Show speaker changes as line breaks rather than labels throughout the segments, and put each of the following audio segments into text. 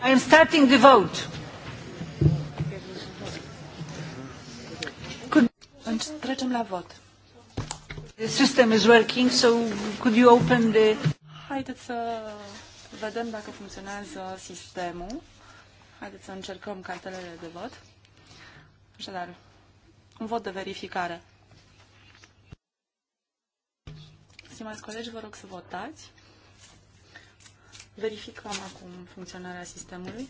am starting the vote.
Could... Trecem la vot. The system is working, so could you open the... Haideți să vedem dacă funcționează sistemul. Haideți să încercăm cartelele de vot. Așadar, un vot de verificare. Stimați colegi, vă rog să votați. Verificăm acum funcționarea sistemului.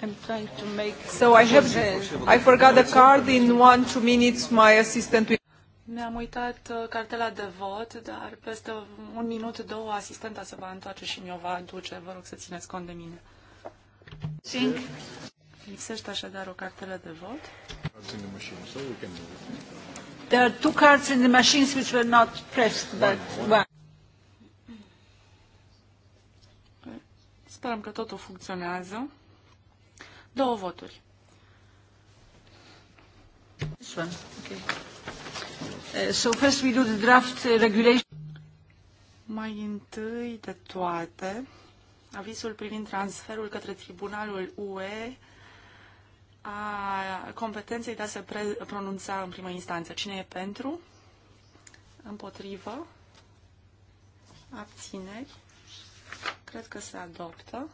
I'm trying to make.
So I have. The, I forgot the card in one two minutes. My assistant. Will...
am uitat uh, cartela de vot, dar peste un minut, două, asistenta se va întoarce și mi-o va aduce. Vă rog să țineți cont de mine. Cinc. Lipsește așadar o cartelă de vot. There are two cards in the machines which were not pressed, but one. Sperăm că totul funcționează. Două voturi. This one. Okay. Uh, so first we do the draft uh, regulation. Mai întâi de toate, avizul privind transferul către Tribunalul UE a competenței de a se pronunța în primă instanță. Cine e pentru? Împotrivă? Abțineri? Cred că se adoptă.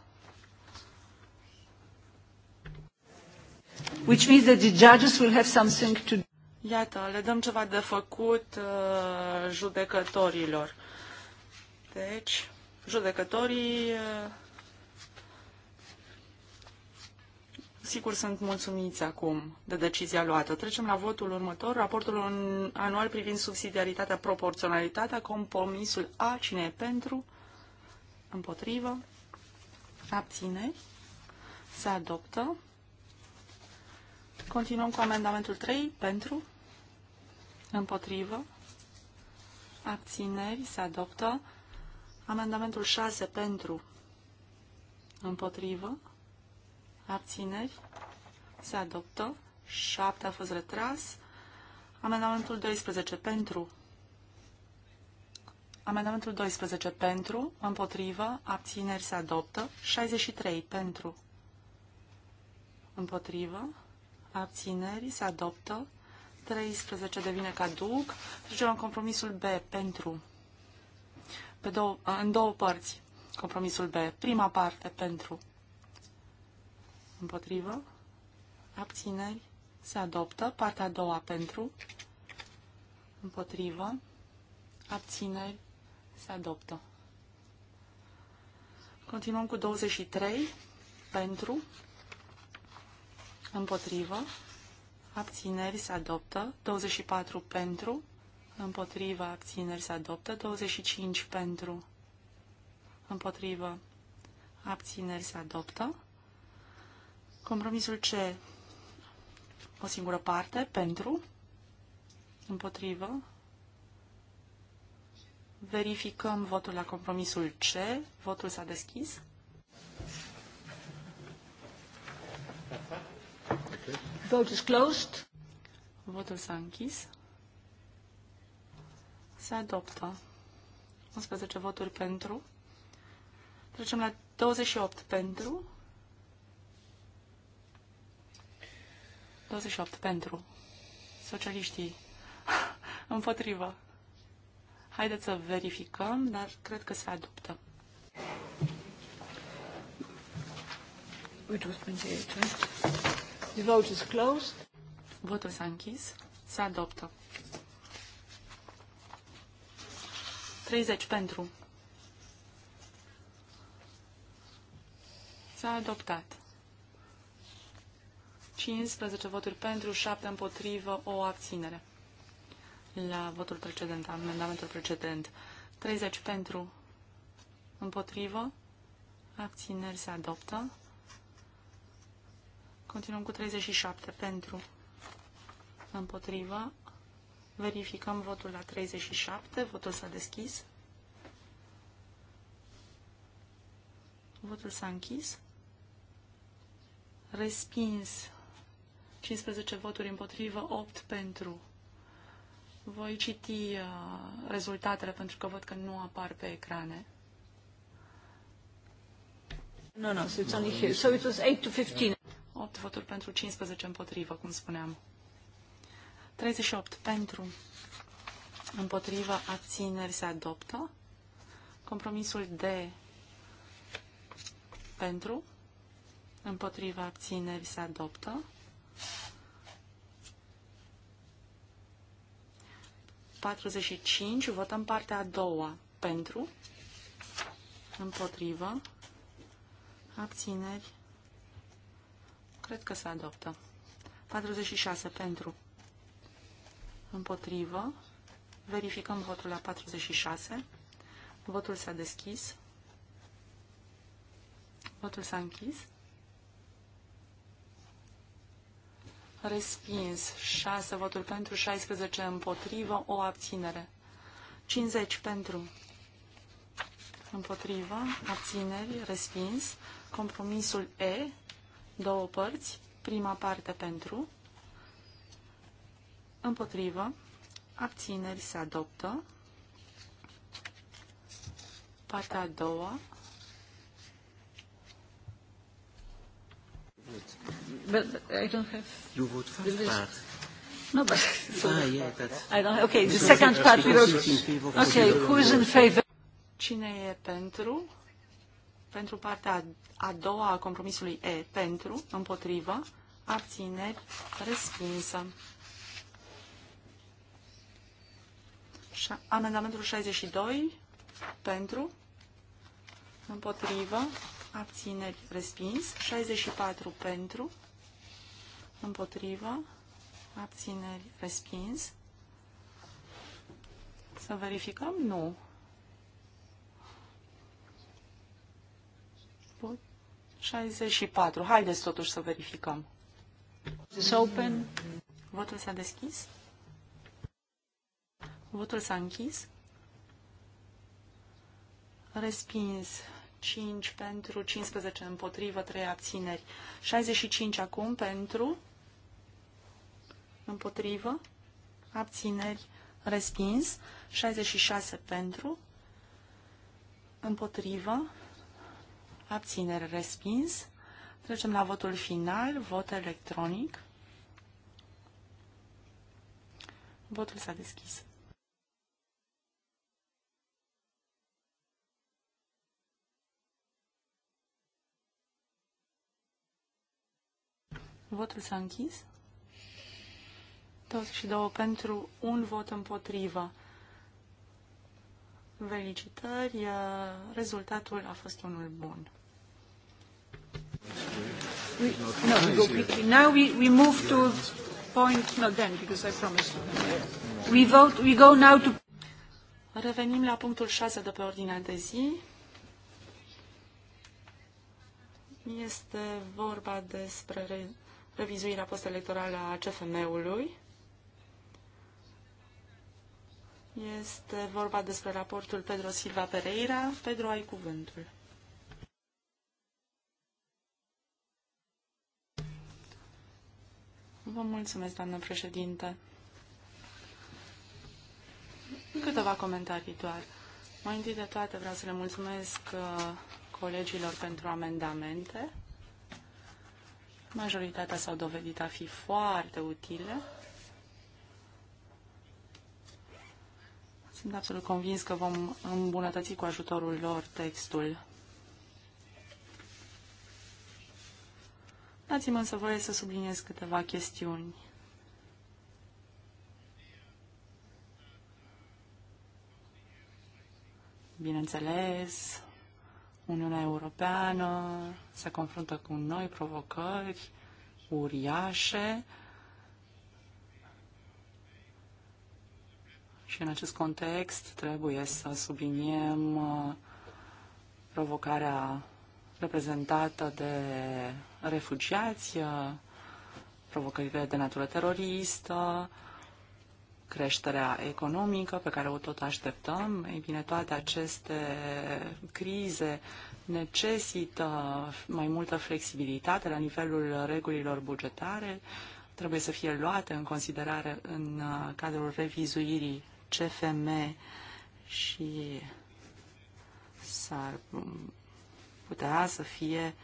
Which means that the judges will have something to Iată, le dăm ceva de făcut uh, judecătorilor. Deci, judecătorii uh, sigur sunt mulțumiți acum de decizia luată. Trecem la votul următor, raportul anual privind subsidiaritatea, proporționalitatea, compromisul A, cine e pentru, împotrivă, abține, se adoptă. Continuăm cu amendamentul 3, pentru, împotrivă, abțineri, se adoptă. Amendamentul 6, pentru, împotrivă, abțineri, se adoptă. 7 a fost retras. Amendamentul 12 pentru. Amendamentul 12 pentru, împotrivă, abțineri se adoptă. 63 pentru, împotrivă, abțineri se adoptă. 13 devine caduc. Trecem la compromisul B pentru. Pe două, în două părți. Compromisul B. Prima parte pentru Împotrivă. Abțineri. Se adoptă. Partea a doua pentru. Împotrivă. Abțineri. Se adoptă. Continuăm cu 23. Pentru. Împotrivă. Abțineri se adoptă. 24 pentru. Împotrivă. Abțineri se adoptă. 25 pentru. Împotrivă. Abțineri se adoptă. Compromisul C, o singură parte, pentru, împotrivă. Verificăm votul la compromisul C. Votul s-a deschis. Vote is closed. Votul s-a închis. Se adoptă. 11 voturi pentru. Trecem la 28 pentru, 28 pentru. Socialiștii împotrivă. Haideți să verificăm, dar cred că se adoptă. The vote is closed. Votul s-a închis. Se adoptă. 30 pentru. S-a adoptat. 15 voturi pentru, 7 împotrivă, o abținere. La votul precedent, amendamentul precedent, 30 pentru, împotrivă, abțineri se adoptă. Continuăm cu 37 pentru, împotrivă, verificăm votul la 37, votul s-a deschis. Votul s-a închis. Respins 15 voturi împotrivă, 8 pentru. Voi citi uh, rezultatele pentru că văd că nu apar pe ecrane. No, no, so it's only here. So it was 8 to 15. 8 voturi pentru, 15 împotrivă, cum spuneam. 38 pentru, împotriva, abțineri se adoptă. Compromisul D pentru, împotriva, abțineri se adoptă. 45, votăm partea a doua. Pentru, împotrivă, abțineri, cred că se adoptă. 46 pentru, împotrivă, verificăm votul la 46, votul s-a deschis, votul s-a închis. respins, 6 voturi pentru, 16 împotrivă, o abținere. 50 pentru, împotrivă, abțineri, respins, compromisul E, două părți, prima parte pentru, împotrivă, abțineri se adoptă, partea a doua But I don't have... You vote first part. No, but... So ah, yeah, that's... I don't have... Okay, the second part we Okay, who is in favor? Cine e pentru? Pentru partea a doua a compromisului E, pentru, împotriva, abține, respinsă. Amendamentul 62, pentru, împotrivă, abțineri respins, 64 pentru, împotrivă, abțineri respins. Să verificăm? Nu. Bun. 64. Haideți totuși să verificăm. open. Votul s-a deschis. Votul s-a închis. Respins 5 pentru, 15 împotrivă, 3 abțineri. 65 acum pentru, împotrivă, abțineri, respins. 66 pentru, împotrivă, abțineri, respins. Trecem la votul final, vot electronic. Votul s-a deschis. Votul s-a închis. 22 pentru, un vot împotrivă. Felicitări, uh, rezultatul a fost unul bun.
We, no, go quickly. Now
we, we move to point, not then, because I promised We vote, we go now to... Revenim la punctul 6 de pe ordinea de zi. Este vorba despre revizuirea postelectorală a CFM-ului. Este vorba despre raportul Pedro Silva Pereira. Pedro, ai cuvântul. Vă mulțumesc, doamnă președinte. Câteva comentarii doar. Mai întâi de toate vreau să le mulțumesc uh, colegilor pentru amendamente. Majoritatea s-au dovedit a fi foarte utile. Sunt absolut convins că vom îmbunătăți cu ajutorul lor textul. Dați-mi însă voie să subliniez câteva chestiuni. Bineînțeles, Uniunea Europeană se confruntă cu noi provocări uriașe și în acest context trebuie să subliniem uh, provocarea reprezentată de refugiați, uh, provocările de natură teroristă, creșterea economică pe care o tot așteptăm. Ei bine, toate aceste crize necesită mai multă flexibilitate la nivelul regulilor bugetare, trebuie să fie luate în considerare în uh, cadrul revizuirii CFM și s-ar um, putea să fie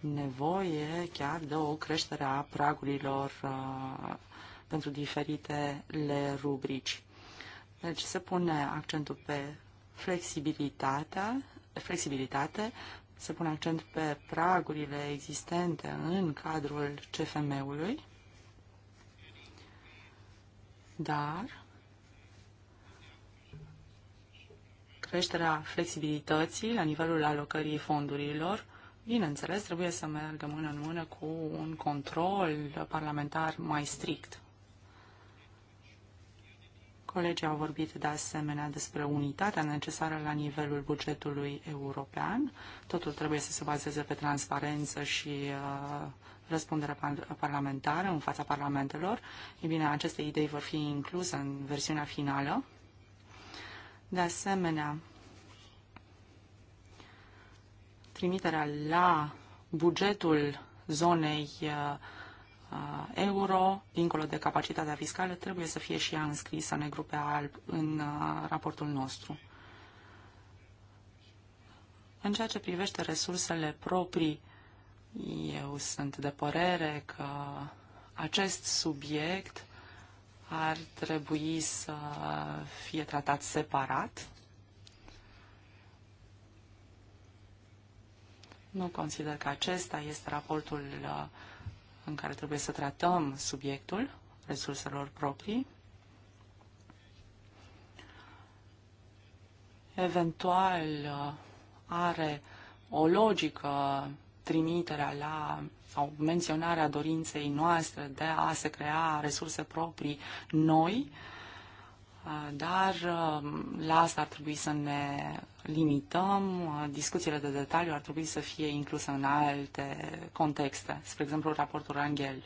nevoie chiar de o creștere a pragurilor uh, pentru diferitele rubrici. Deci se pune accentul pe flexibilitatea, flexibilitate, se pune accent pe pragurile existente în cadrul CFM-ului, dar creșterea flexibilității la nivelul alocării fondurilor, bineînțeles, trebuie să meargă mână în mână cu un control parlamentar mai strict. Colegii au vorbit de asemenea despre unitatea necesară la nivelul bugetului european. Totul trebuie să se bazeze pe transparență și răspunderea uh, răspundere parlamentară în fața parlamentelor. Ei bine, aceste idei vor fi incluse în versiunea finală. De asemenea, trimiterea la bugetul zonei uh, Uh, euro, dincolo de capacitatea fiscală, trebuie să fie și ea înscrisă negru pe alb în uh, raportul nostru. În ceea ce privește resursele proprii, eu sunt de părere că acest subiect ar trebui să fie tratat separat. Nu consider că acesta este raportul uh, în care trebuie să tratăm subiectul resurselor proprii. Eventual uh, are o logică trimiterea la sau menționarea dorinței noastre de a se crea resurse proprii noi, uh, dar uh, la asta ar trebui să ne limităm, uh, discuțiile de detaliu ar trebui să fie incluse în alte contexte, spre exemplu raportul Rangel.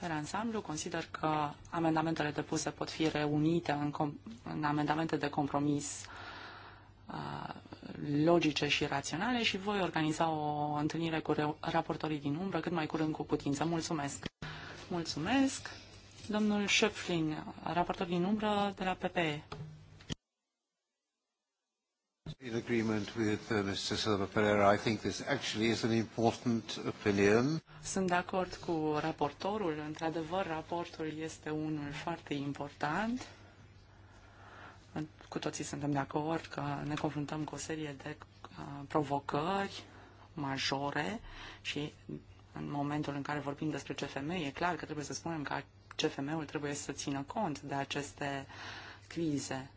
Per ansamblu, consider că amendamentele depuse pot fi reunite în, în amendamente de compromis uh, logice și raționale și voi organiza o întâlnire cu raportorii din umbră cât mai curând cu putință. Mulțumesc! Mulțumesc! Domnul Șöpflin, raportor din umbră de la PPE. In agreement with uh, Mr. Silva Pereira, I think this actually is an important opinion. Sunt de acord cu raportorul. Într-adevăr, raportul este unul foarte important. Cu toții suntem de acord că ne confruntăm cu o serie de uh, provocări majore și în momentul în care vorbim despre CFM, e clar că trebuie să spunem că CFM-ul trebuie să țină cont de aceste crize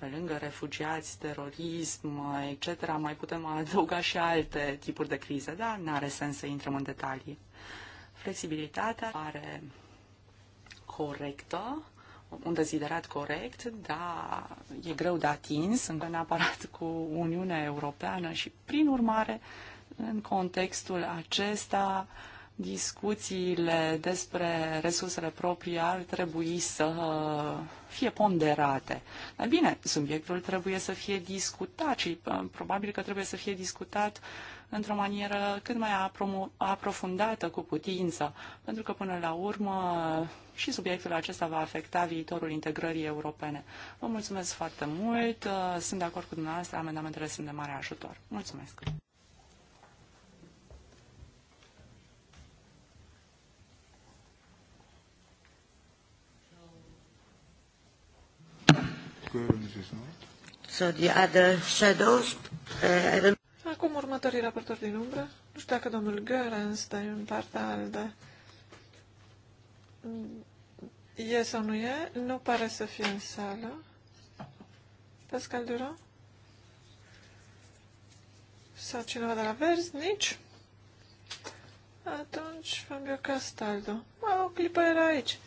pe lângă refugiați, terorism, etc., mai putem adăuga și alte tipuri de crize, dar nu are sens să intrăm în detalii. Flexibilitatea are corectă, un deziderat corect, dar e greu de atins, încă neapărat cu Uniunea Europeană și, prin urmare, în contextul acesta, uh, discuțiile despre resursele proprii ar trebui să fie ponderate. Dar bine, subiectul trebuie să fie discutat și uh, probabil că trebuie să fie discutat într-o manieră cât mai aprofundată cu putință, pentru că până la urmă și subiectul acesta va afecta viitorul integrării europene. Vă mulțumesc foarte mult, uh, sunt de acord cu dumneavoastră, amendamentele sunt de mare ajutor. Mulțumesc!
So the
other shadows, uh, Acum următorii raportori din umbră. Nu știu dacă domnul Görens stă în partea altă e sau nu e. Nu pare să fie în sală. Pascal Duran? Sau cineva de la Verzi? Nici? Atunci Fabio Castaldo. Ma, o clipă era aici.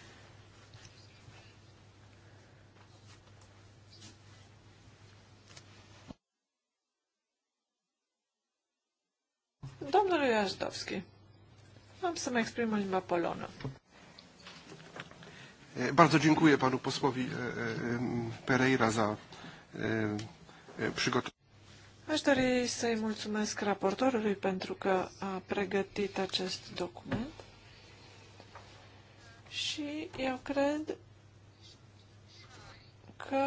Domnule Ajdovski, am să mă exprim în limba polonă.
Bardzo dziękuję panu posłowi Pereira za przygotowanie.
Aș dori să-i mulțumesc raportorului pentru că a pregătit acest document și eu cred că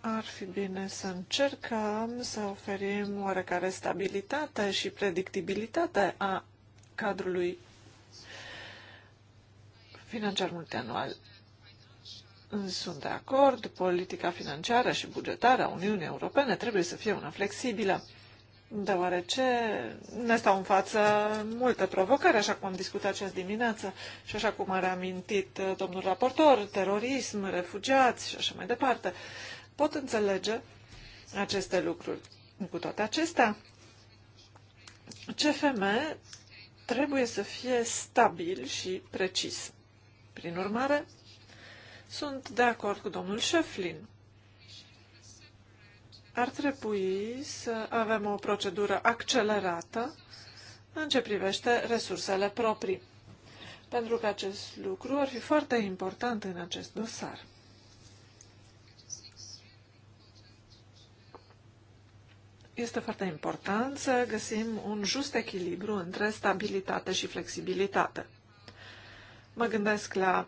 ar fi bine să încercăm să oferim oarecare stabilitate și predictibilitate a cadrului financiar multianual. Sunt de acord, politica financiară și bugetară a Uniunii Europene trebuie să fie una flexibilă, deoarece ne stau în față multe provocări, așa cum am discutat această dimineață și așa cum a reamintit uh, domnul raportor, terorism, refugiați și așa mai departe pot înțelege aceste lucruri. Cu toate acestea, CFM trebuie să fie stabil și precis. Prin urmare, sunt de acord cu domnul Șeflin. Ar trebui să avem o procedură accelerată în ce privește resursele proprii, pentru că acest lucru ar fi foarte important în acest dosar. Este foarte important să găsim un just echilibru între stabilitate și flexibilitate. Mă gândesc la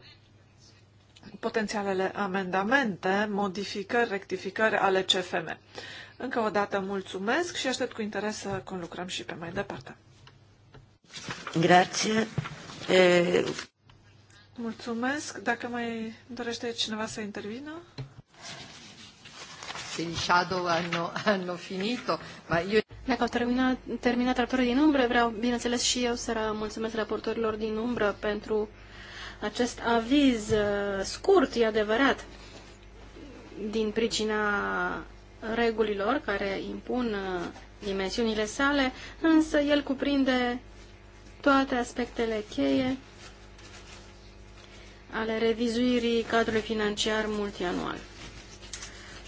potențialele amendamente, modificări, rectificări ale CFM. Încă o dată mulțumesc și aștept cu interes să conlucrăm și pe mai departe. Grație. E... Mulțumesc. Dacă mai dorește cineva să intervină?
se in shadow hanno,
hanno finito, ma io... Dacă au terminat, terminat raportorii din umbră, vreau, bineînțeles, și eu să mulțumesc raportorilor din umbră pentru acest aviz uh, scurt, e adevărat, din pricina regulilor care impun uh, dimensiunile sale, însă el cuprinde toate aspectele cheie ale revizuirii cadrului financiar multianual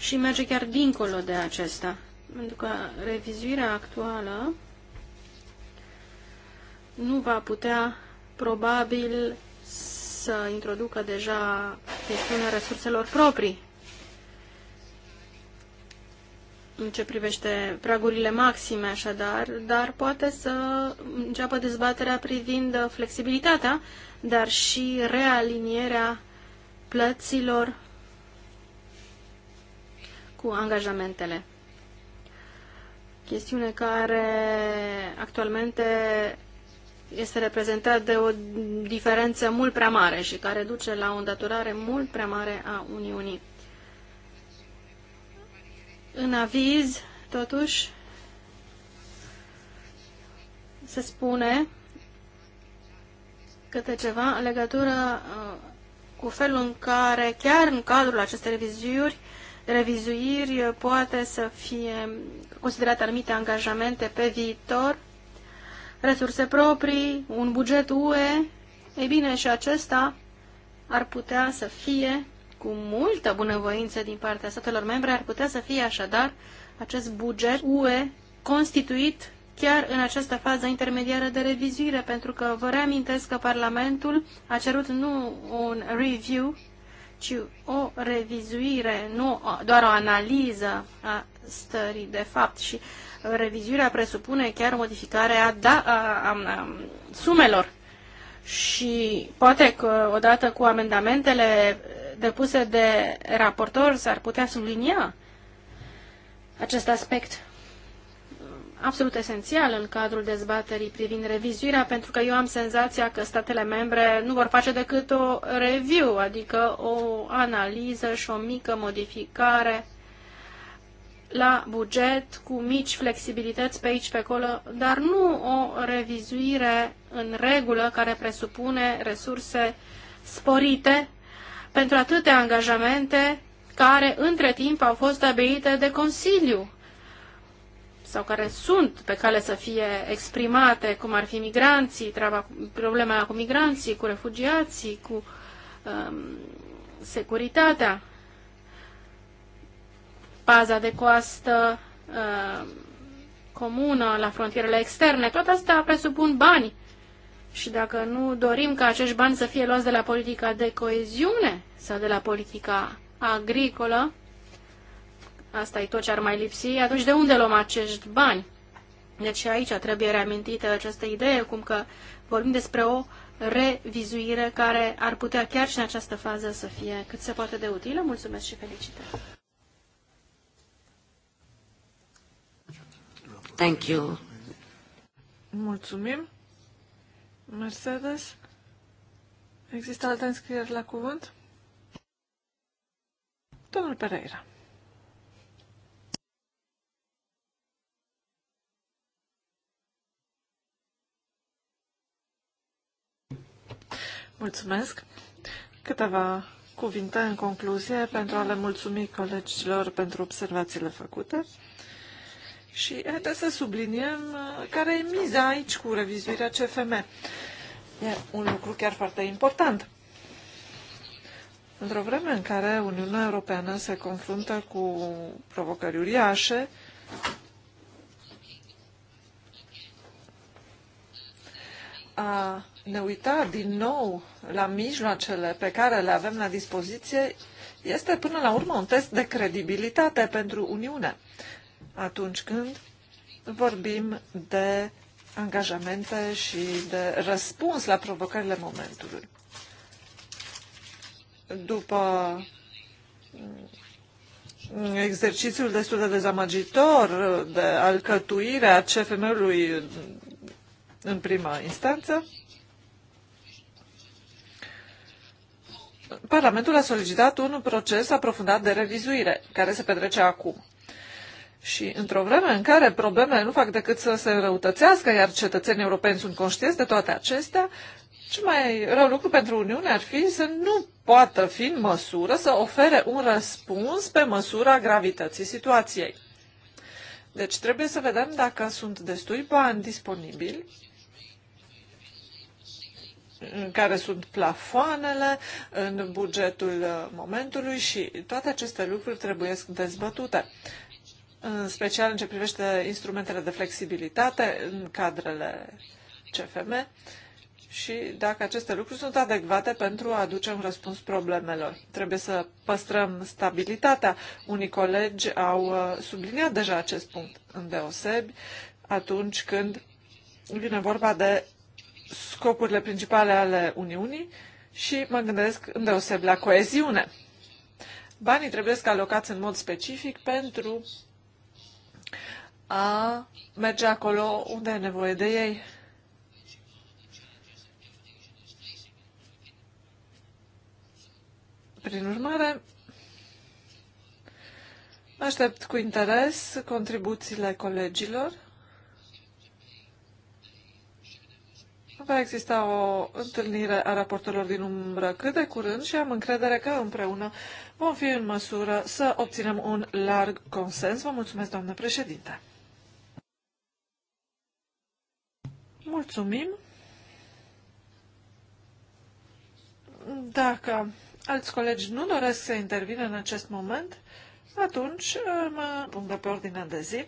și merge chiar dincolo de acesta. Pentru că revizuirea actuală nu va putea probabil să introducă deja chestiunea resurselor proprii în ce privește pragurile maxime, așadar, dar poate să înceapă dezbaterea privind flexibilitatea, dar și realinierea plăților cu angajamentele. Chestiune care actualmente este reprezentat de o diferență mult prea mare și care duce la o îndatorare mult prea mare a Uniunii. În aviz, totuși, se spune câte ceva în legătură uh, cu felul în care, chiar în cadrul acestei reviziuri, revizuiri poate să fie considerate anumite angajamente pe viitor, resurse proprii, un buget UE, ei bine, și acesta ar putea să fie, cu multă bunăvoință din partea statelor membre, ar putea să fie așadar acest buget UE constituit chiar în această fază intermediară de revizuire, pentru că vă reamintesc că Parlamentul a cerut nu un review, ci deci, o revizuire, nu doar o analiză a stării de fapt și revizuirea presupune chiar modificarea da, a, a, a, sumelor și poate că odată cu amendamentele depuse de raportor s-ar putea sublinia acest aspect absolut esențial în cadrul dezbaterii privind revizuirea, pentru că eu am senzația că statele membre nu vor face decât o review, adică o analiză și o mică modificare la buget, cu mici flexibilități pe aici, pe acolo, dar nu o revizuire în regulă care presupune resurse sporite pentru atâtea angajamente care între timp au fost stabilite de Consiliu sau care sunt pe cale să fie exprimate, cum ar fi migranții, treaba, problema cu migranții, cu refugiații, cu um, securitatea, paza de coastă um, comună la frontierele externe. Toate astea presupun bani. Și dacă nu dorim ca acești bani să fie luați de la politica de coeziune sau de la politica agricolă, asta e tot ce ar mai lipsi, atunci de unde luăm acești bani? Deci aici trebuie reamintită această idee, cum că vorbim despre o revizuire care ar putea chiar și în această fază să fie cât se poate de utilă. Mulțumesc și felicitări!
Thank you. Mulțumim. Mercedes, există alte înscrieri la cuvânt? Domnul Pereira. Mulțumesc. Câteva cuvinte în concluzie pentru a le mulțumi colegilor pentru observațiile făcute. Și haideți să subliniem uh, care e miza aici cu revizuirea CFM. E un lucru chiar foarte important. Într-o vreme în care Uniunea Europeană se confruntă cu provocări uriașe, a ne uita din nou la mijloacele pe care le avem la dispoziție este până la urmă un test de credibilitate pentru Uniune atunci când vorbim de angajamente și de răspuns la provocările momentului. După exercițiul destul de dezamăgitor de alcătuire a CFM-ului în prima instanță, Parlamentul a solicitat un proces aprofundat de revizuire, care se petrece acum. Și într-o vreme în care problemele nu fac decât să se răutățească, iar cetățenii europeni sunt conștienți de toate acestea, ce mai rău lucru pentru Uniune ar fi să nu poată fi în măsură să ofere un răspuns pe măsura gravității situației. Deci trebuie să vedem dacă sunt destui bani disponibili care sunt plafoanele în bugetul uh, momentului și toate aceste lucruri trebuie dezbătute în special în ce privește instrumentele de flexibilitate în cadrele CFM și dacă aceste lucruri sunt adecvate pentru a aduce un răspuns problemelor. Trebuie să păstrăm stabilitatea. Unii colegi au uh, subliniat deja acest punct deosebi atunci când vine vorba de scopurile principale ale Uniunii și mă gândesc îndeoseb la coeziune. Banii trebuie să alocați în mod specific pentru a merge acolo unde e nevoie de ei. Prin urmare, aștept cu interes contribuțiile colegilor Va exista o întâlnire a raportorilor din umbră cât de curând și am încredere că împreună vom fi în măsură să obținem un larg consens. Vă mulțumesc, doamnă președinte! Mulțumim! Dacă alți colegi nu doresc să intervină în acest moment, atunci mă pun de pe ordinea de zi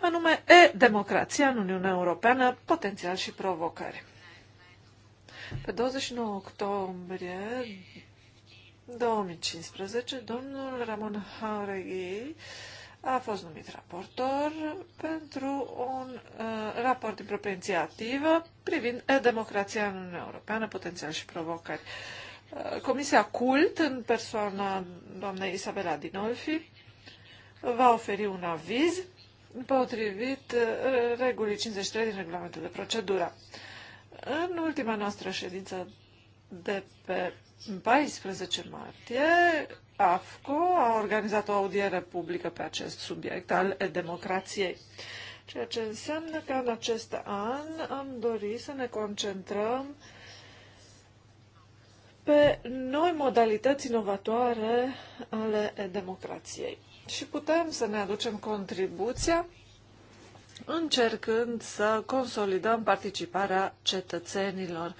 anume e-democrația în Uniunea Europeană, potențial și provocări. Pe 29 octombrie 2015, domnul Ramon Haureghi a fost numit raportor pentru un uh, raport din proprie inițiativă privind e democrația în Uniunea Europeană, potențial și provocări. Uh, Comisia CULT, în persoana doamnei Isabela Dinolfi, va oferi un aviz potrivit uh, regulii 53 din regulamentul de procedură. În ultima noastră ședință de pe 14 martie, AFCO a organizat o audiere publică pe acest subiect al democrației. Ceea ce înseamnă că în acest an am dorit să ne concentrăm pe noi modalități inovatoare ale democrației și putem să ne aducem contribuția încercând să consolidăm participarea cetățenilor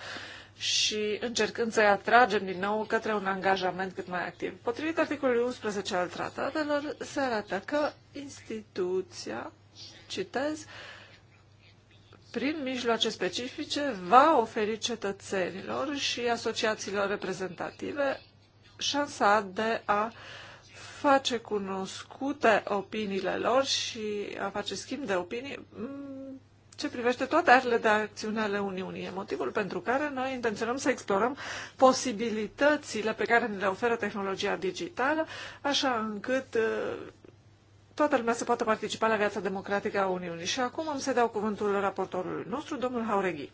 și încercând să-i atragem din nou către un angajament cât mai activ. Potrivit articolului 11 al tratatelor, se arată că instituția, citez, prin mijloace specifice va oferi cetățenilor și asociațiilor reprezentative șansa de a uh, face cunoscute opiniile lor și a face schimb de opinii
mm,
ce privește toate arele de acțiune ale Uniunii. E motivul pentru care noi intenționăm să explorăm posibilitățile pe care ne le oferă tehnologia digitală, așa încât uh, toată lumea să poată participa la viața democratică a Uniunii. Și acum am să dau cuvântul raportorului nostru, domnul Haureghi.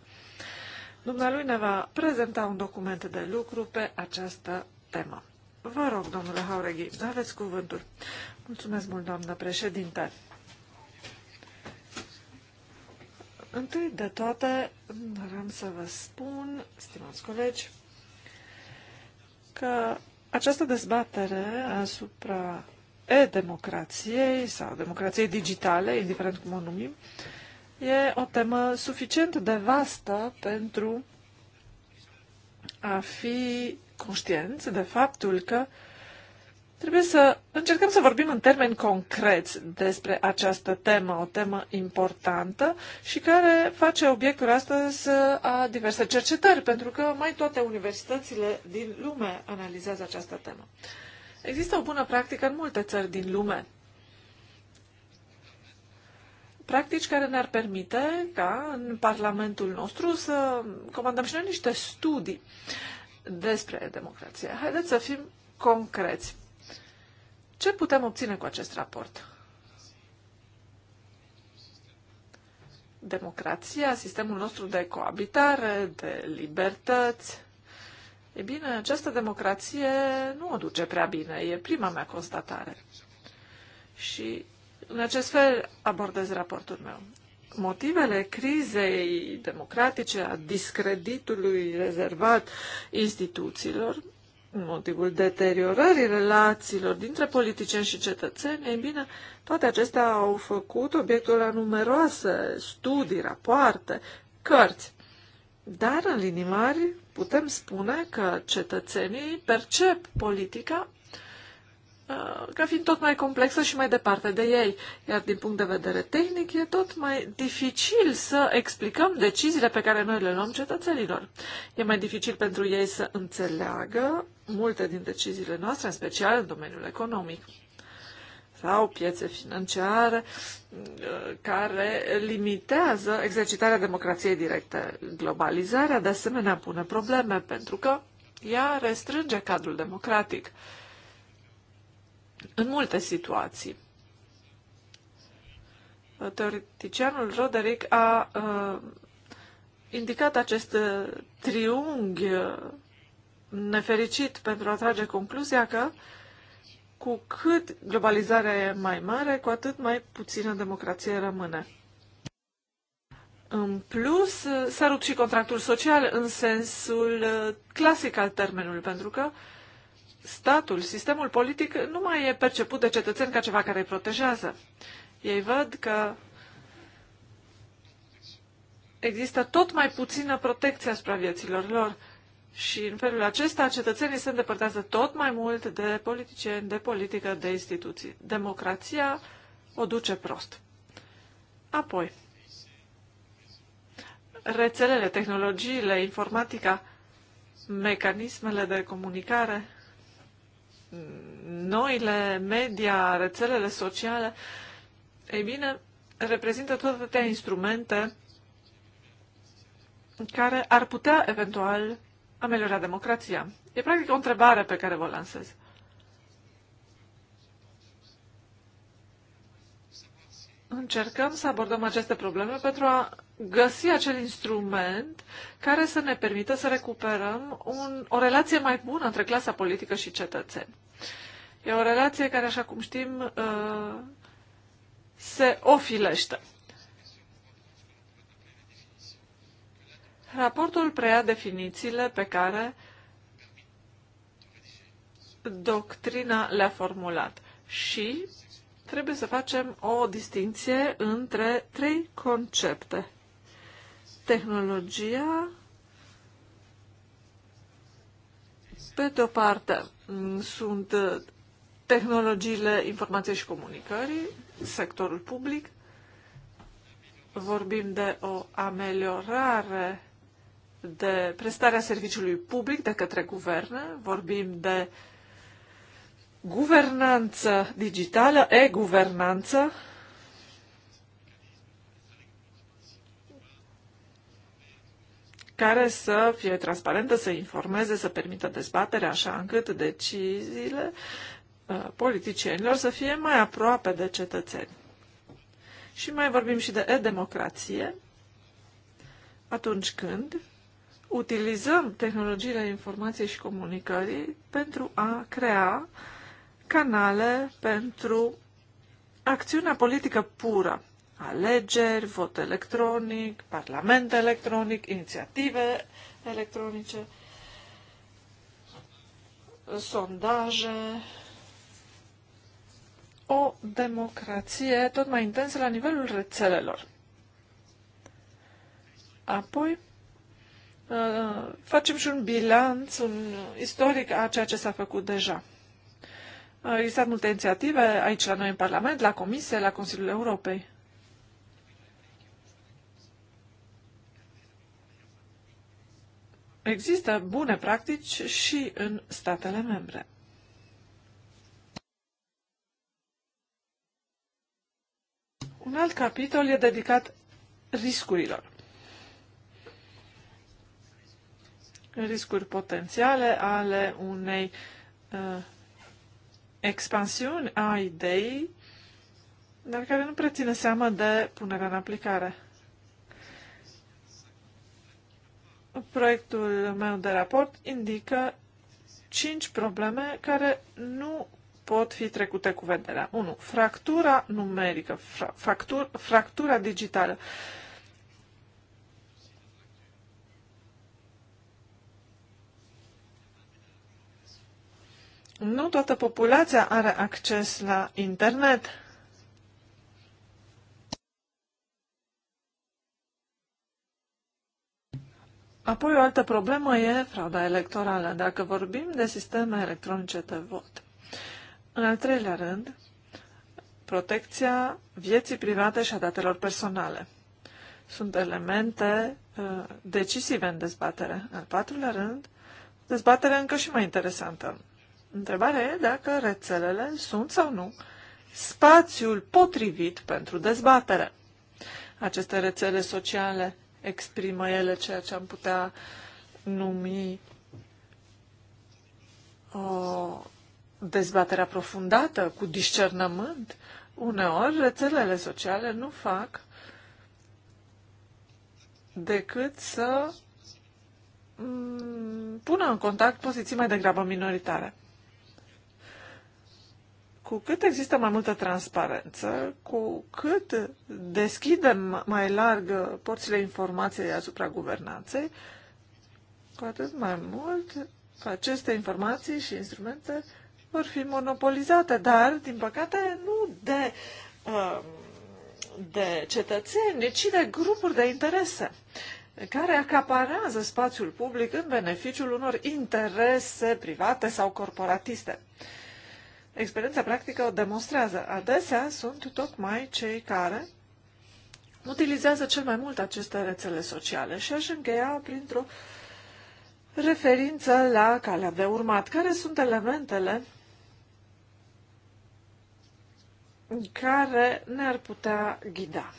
Dumnealui ne va prezenta un document de lucru pe această temă. Vă rog, domnule Haureghi, aveți cuvântul. Mulțumesc mult, doamnă președinte. Întâi de toate, vreau să vă spun, stimați colegi, că această dezbatere asupra e-democrației sau democrației digitale, indiferent cum o numim, e o temă suficient de vastă pentru a fi conștienți de faptul că trebuie să încercăm să vorbim în termeni concreți despre această temă, o temă importantă și care face obiectul astăzi a diverse cercetări, pentru că mai toate universitățile din lume analizează această temă. Există o bună practică în multe țări din lume. Practici care ne-ar permite ca în Parlamentul nostru să comandăm și noi niște studii uh, despre democrație. Haideți să fim concreți. Ce putem obține cu acest raport? Democrația, sistemul nostru de coabitare, de libertăți. E bine, această democrație nu o duce prea bine. E prima mea constatare. Și în acest fel abordez raportul meu motivele crizei democratice, a discreditului rezervat instituțiilor, motivul deteriorării relațiilor dintre politicieni și cetățeni, ei bine, toate acestea au făcut obiectul la numeroase studii, rapoarte, cărți. Dar, în linii mari, putem spune că cetățenii percep politica Uh, ca fiind tot mai complexă și mai departe de ei. Iar din punct de vedere tehnic, e tot mai dificil să explicăm deciziile pe care noi le luăm cetățenilor. E mai dificil pentru ei să înțeleagă multe din deciziile noastre, în special în domeniul economic sau piețe financiare uh, care limitează exercitarea democrației directe. Globalizarea, de asemenea, pune probleme pentru că ea restrânge cadrul democratic. Uh, în multe situații. Teoreticianul Roderick a uh, indicat acest triunghi nefericit pentru a trage concluzia că cu cât globalizarea e mai mare, cu atât mai puțină democrație rămâne. În plus, s-a rupt și contractul social în sensul clasic al termenului, pentru că uh, statul, sistemul politic nu mai e perceput de cetățeni ca ceva care îi protejează. Ei văd că există tot mai puțină protecție asupra vieților lor și în felul acesta cetățenii se îndepărtează tot mai mult de politicieni, de politică, de instituții. Democrația o duce prost. Apoi, rețelele, tehnologiile, informatica, mecanismele de comunicare noile media, rețelele sociale, ei bine, reprezintă tot atâtea instrumente care ar putea eventual ameliora democrația. E practic o întrebare pe care vă lansez. Încercăm să abordăm aceste probleme pentru a găsi acel instrument care să ne permită să recuperăm un, o relație mai bună între clasa politică și cetățeni. E o relație care, așa cum știm, uh, se ofilește. Raportul preia definițiile pe care doctrina le-a formulat și trebuie să facem o distinție între trei concepte tehnologia, pe de o parte, mm, sunt uh, tehnologiile informației și comunicării, sectorul public, vorbim de o ameliorare de prestarea serviciului public de către guverne, vorbim de guvernanță digitală, e-guvernanță, care să fie transparentă, să informeze, să permită dezbaterea, așa încât deciziile uh, politicienilor să fie mai aproape de cetățeni. Și mai vorbim și de e-democrație, atunci când utilizăm tehnologiile informației și comunicării pentru a crea canale pentru acțiunea politică pură, alegeri, vot electronic, parlament electronic, inițiative electronice, sondaje, o democrație tot mai intensă la nivelul rețelelor. Apoi, uh, facem și un bilanț un istoric a ceea ce s-a făcut deja. Au existat multe inițiative aici la noi în Parlament, la Comisie, la Consiliul Europei. Există bune practici și în statele membre. Un alt capitol e dedicat riscurilor. Riscuri potențiale ale unei uh, expansiuni a ideii, dar care nu preține seama de punerea în aplicare. proiectul meu de raport indică cinci probleme care nu pot fi trecute cu vederea. 1. Fractura numerică, fra, fractur, fractura digitală. Nu toată populația are acces la internet. Apoi o altă problemă e frauda electorală, dacă vorbim de sisteme electronice de vot. În al treilea rând, protecția vieții private și a datelor personale. Sunt elemente uh, decisive în dezbatere. În al patrulea rând, dezbatere încă și mai interesantă. Întrebarea e dacă rețelele sunt sau nu spațiul potrivit pentru dezbatere. Aceste rețele sociale exprimă ele ceea ce am putea numi o dezbatere aprofundată, cu discernământ. Uneori, rețelele sociale nu fac decât să mm, pună în contact poziții mai degrabă minoritare. Cu cât există mai multă transparență, cu cât deschidem mai larg porțile informației asupra guvernanței, cu atât mai mult aceste informații și instrumente vor fi monopolizate, dar, din păcate, nu de, um, de cetățeni, ci de grupuri de interese care acaparează spațiul public în beneficiul unor interese private sau corporatiste. Experiența practică o demonstrează. Adesea sunt tocmai cei care utilizează cel mai mult aceste rețele sociale și aș încheia printr-o referință la calea de urmat. Care sunt elementele care ne-ar putea ghida?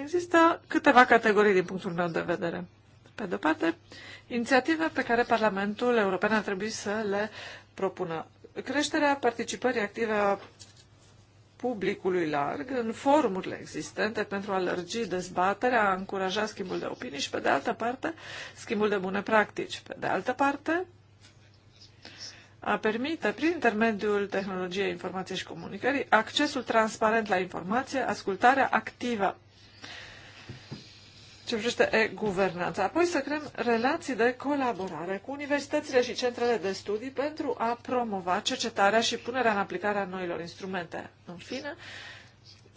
Există câteva categorii din punctul meu de vedere. Pe de-o parte, inițiative pe care Parlamentul European ar trebui să le propună. Creșterea participării active a publicului larg în forumurile existente pentru a lărgi dezbaterea, a încuraja schimbul de opinii și, pe de altă parte, schimbul de bune practici. Pe de altă parte, a permite, prin intermediul tehnologiei informației și comunicării, accesul transparent la informație, ascultarea activă ce privește e-guvernanța. Apoi să creăm relații de colaborare cu universitățile și centrele de studii pentru a promova cercetarea și punerea în aplicare a noilor instrumente. În fine,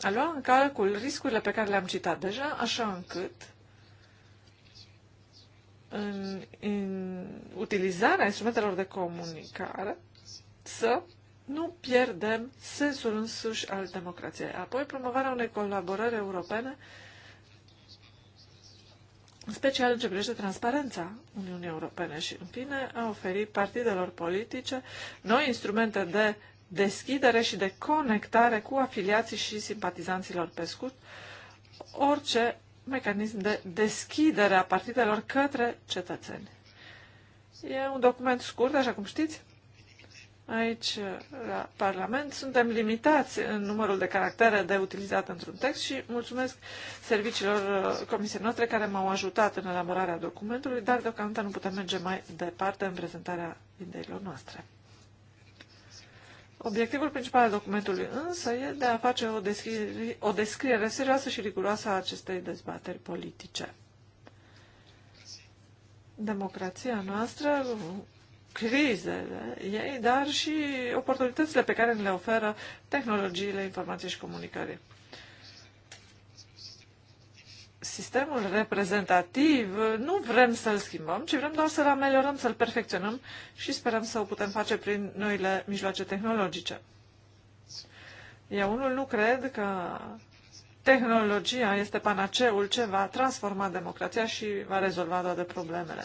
a lua în calcul riscurile pe care le-am citat deja, așa încât în, în utilizarea instrumentelor de comunicare să nu pierdem sensul însuși al democrației. Apoi, promovarea unei colaborări europene în special în ce privește transparența Uniunii Europene și, în fine, a oferit partidelor politice noi instrumente de deschidere și de conectare cu afiliații și simpatizanților pe scurt, orice mecanism de deschidere a partidelor către cetățeni. E un document scurt, așa cum știți, Aici, la Parlament, suntem limitați în numărul de caractere de utilizat într-un text și mulțumesc serviciilor uh, comisiei noastre care m-au ajutat în elaborarea documentului, dar deocamdată nu putem merge mai departe în prezentarea ideilor noastre. Obiectivul principal al documentului însă e de a face o descriere, o descriere serioasă și riguroasă a acestei dezbateri politice. Democrația noastră, crizele ei, dar și oportunitățile pe care le oferă tehnologiile informației și comunicării. Sistemul reprezentativ nu vrem să-l schimbăm, ci vrem doar să-l ameliorăm, să-l perfecționăm și sperăm să o putem face prin noile mijloace tehnologice. Eu unul nu cred că tehnologia este panaceul ce va transforma democrația și va rezolva toate problemele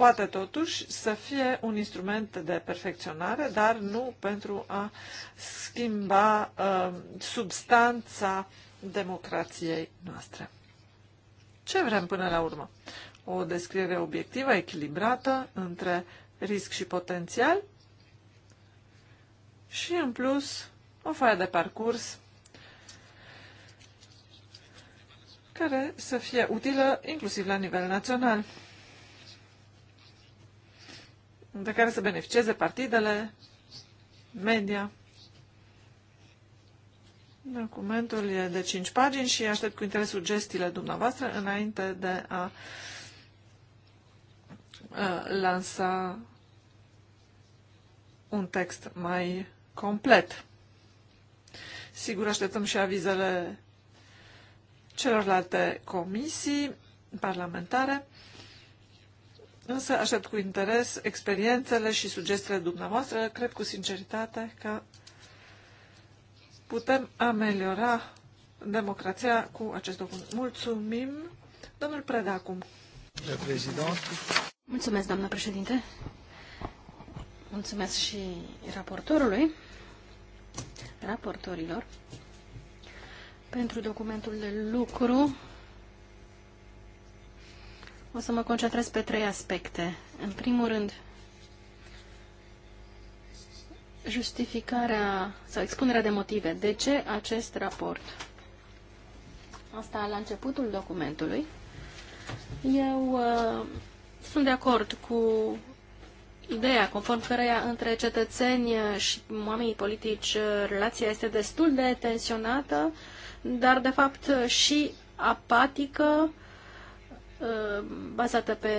poate totuși să fie un instrument de perfecționare, dar nu pentru a schimba uh, substanța democrației noastre. Ce vrem până la urmă? O descriere obiectivă, echilibrată între risc și potențial și, în plus, o foaie de parcurs care să fie utilă inclusiv la nivel național de care să beneficieze partidele, media. Documentul e de 5 pagini și aștept cu interes sugestiile dumneavoastră înainte de a lansa un text mai complet. Sigur, așteptăm și avizele celorlalte comisii parlamentare Însă aștept cu interes experiențele și sugestiile dumneavoastră. Cred cu sinceritate că putem ameliora democrația cu acest document. Mulțumim. Domnul Preda acum. Mulțumesc, doamnă președinte.
Mulțumesc și raportorului, raportorilor, pentru documentul de lucru o să mă concentrez pe trei aspecte. În primul rând, justificarea sau expunerea de motive. De ce acest raport? Asta la începutul documentului. Eu uh, sunt de acord cu ideea conform căreia între cetățeni și oamenii politici uh, relația este destul de tensionată, dar de fapt și apatică, Uh, bazată pe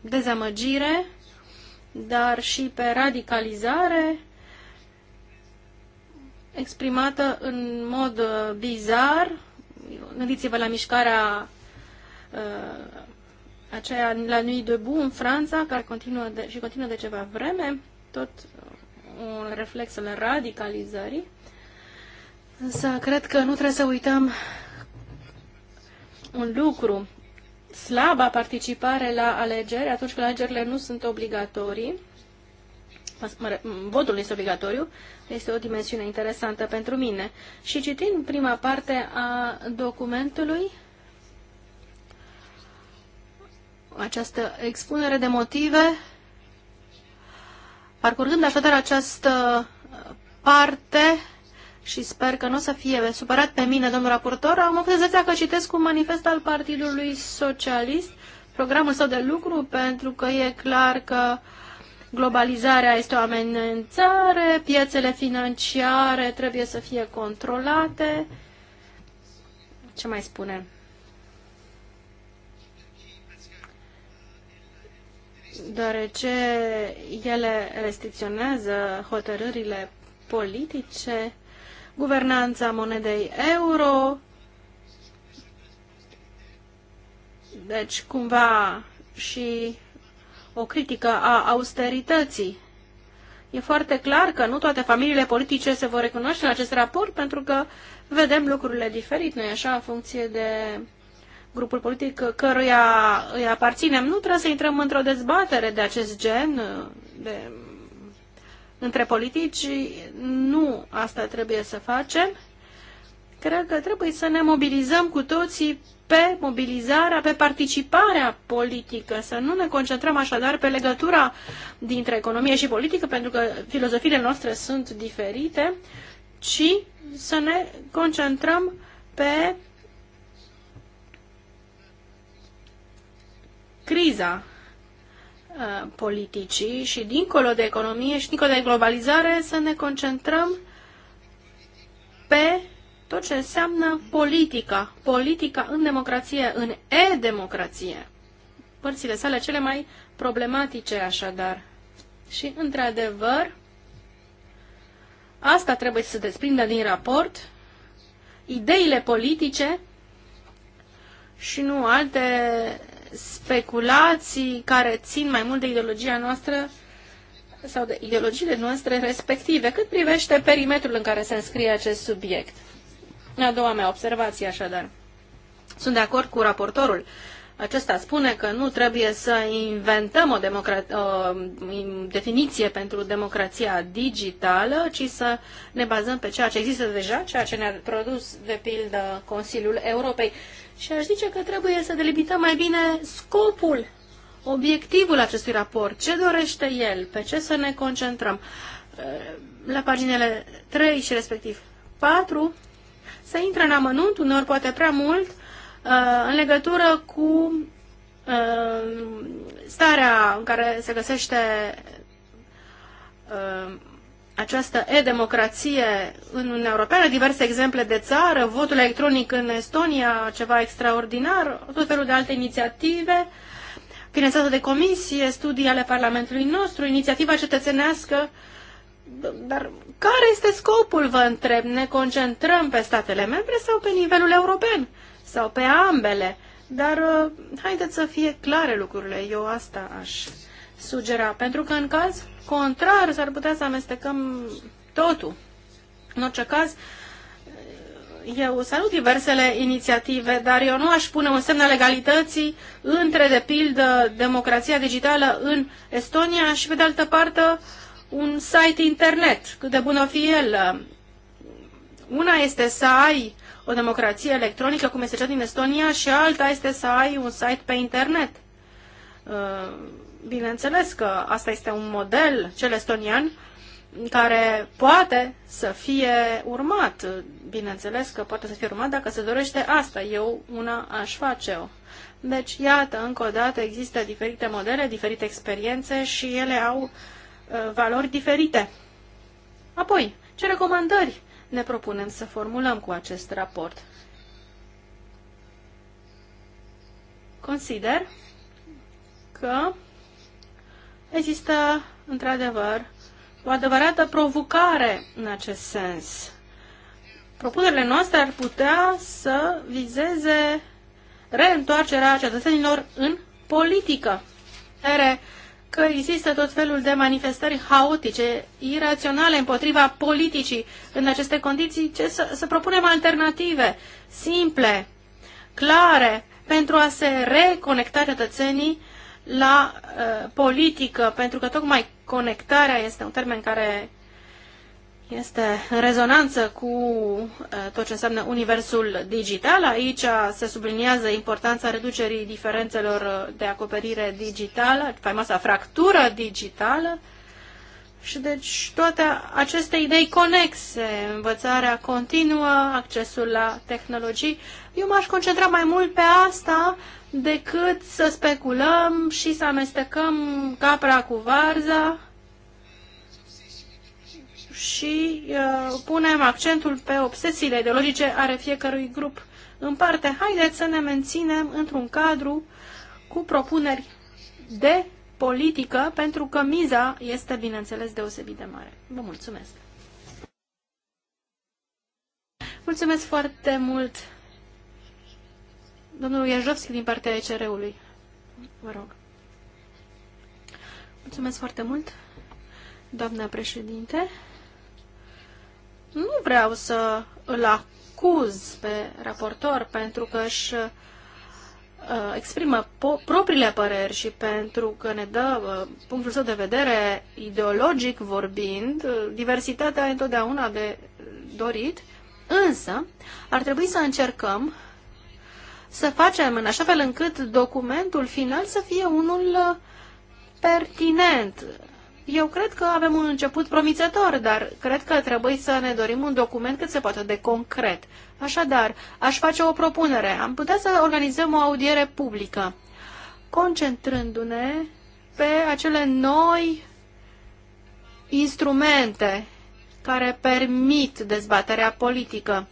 dezamăgire, dar și pe radicalizare exprimată în mod uh, bizar. Gândiți-vă la mișcarea uh, aceea la Nuit Bou în Franța, care continuă de, și continuă de ceva vreme, tot un reflex al radicalizării. Însă cred că nu trebuie să uităm un lucru slaba participare la alegeri, atunci când alegerile nu sunt obligatorii, votul este obligatoriu, este o dimensiune interesantă pentru mine. Și citind prima parte a documentului, această expunere de motive, parcurgând așadar această parte, și sper că nu o să fie supărat pe mine, domnul raportor, am obsezația că citesc un manifest al Partidului Socialist, programul său de lucru, pentru că e clar că globalizarea este o amenințare, piețele financiare trebuie să fie controlate. Ce mai spune? Deoarece ele restricționează hotărârile politice, guvernanța monedei euro, deci cumva și o critică a austerității. E foarte clar că nu toate familiile politice se vor recunoaște în acest raport pentru că vedem lucrurile diferit, nu așa, în funcție de grupul politic căruia îi aparținem. Nu trebuie să intrăm într-o dezbatere de acest gen, de între politici, nu asta trebuie să facem. Cred că trebuie să ne mobilizăm cu toții pe mobilizarea, pe participarea politică, să nu ne concentrăm așadar pe legătura dintre economie și politică, pentru că filozofiile noastre sunt diferite, ci să ne concentrăm pe criza politicii și dincolo de economie și dincolo de globalizare să ne concentrăm pe tot ce înseamnă politica, politica în democrație, în e-democrație. Părțile sale cele mai problematice, așadar. Și, într-adevăr, asta trebuie să se desprindă din raport, ideile politice și nu alte speculații care țin mai mult de ideologia noastră sau de ideologiile noastre respective, cât privește perimetrul în care se înscrie acest subiect. A doua mea observație, așadar. Sunt de acord cu raportorul acesta spune că nu trebuie să inventăm o, o definiție pentru democrația digitală, ci să ne bazăm pe ceea ce există deja, ceea ce ne-a produs, de pildă, Consiliul Europei. Și aș zice că trebuie să delimităm mai bine scopul, obiectivul acestui raport, ce dorește el, pe ce să ne concentrăm. La paginele 3 și respectiv 4 să intre în amănunt, uneori poate prea mult, Uh, în legătură cu uh, starea în care se găsește uh, această e-democrație în Uniunea Europeană, diverse exemple de țară, votul electronic în Estonia, ceva extraordinar, tot felul de alte inițiative, finanțată de comisie, studii ale Parlamentului nostru, inițiativa cetățenească. Dar care este scopul, vă întreb? Ne concentrăm pe statele membre sau pe nivelul european? sau pe ambele. Dar uh, haideți să fie clare lucrurile, eu asta aș sugera, pentru că în caz contrar s-ar putea să amestecăm totul. În orice caz, eu salut diversele inițiative, dar eu nu aș pune un semn al legalității între, de pildă, democrația digitală în Estonia și, pe de altă parte, un site internet, cât de bun o fi el. Una este să ai o democrație electronică, cum este cea din Estonia, și alta este să ai un site pe internet. Uh, bineînțeles că asta este un model, cel estonian, care poate să fie urmat. Bineînțeles că poate să fie urmat dacă se dorește asta. Eu una aș face-o. Deci, iată, încă o dată există diferite modele, diferite experiențe și ele au uh, valori diferite. Apoi, ce recomandări ne propunem să formulăm cu acest raport. Consider că există, într-adevăr, o adevărată provocare în acest sens. Propunerile noastre ar putea să vizeze reîntoarcerea cetățenilor în politică că există tot felul de manifestări haotice, iraționale împotriva politicii în aceste condiții, ce să, să propunem alternative simple, clare, pentru a se reconecta cetățenii la uh, politică, pentru că tocmai conectarea este un termen care este în rezonanță cu uh, tot ce înseamnă universul digital. Aici se subliniază importanța reducerii diferențelor uh, de acoperire digitală, faimoasa fractură digitală. Și deci toate aceste idei conexe, învățarea continuă, accesul la tehnologii, eu m-aș concentra mai mult pe asta decât să speculăm și să amestecăm capra cu varza, și uh, punem accentul pe obsesiile ideologice ale fiecărui grup în parte. Haideți să ne menținem într-un cadru cu propuneri de politică, pentru că miza este, bineînțeles, deosebit de mare. Vă mulțumesc! Mulțumesc foarte mult, domnul Iajovski, din partea ECR-ului. Vă rog. Mulțumesc foarte mult, doamna președinte. Nu vreau să îl acuz pe raportor pentru că își uh, exprimă propriile păreri și pentru că ne dă uh, punctul său de vedere ideologic vorbind, uh, diversitatea e întotdeauna de dorit, însă ar trebui să încercăm să facem în așa fel încât documentul final să fie unul pertinent, eu cred că avem un început promițător, dar cred că trebuie să ne dorim un document cât se poate de concret. Așadar, aș face o propunere. Am putea să organizăm o audiere publică, concentrându-ne pe acele noi instrumente care permit dezbaterea politică.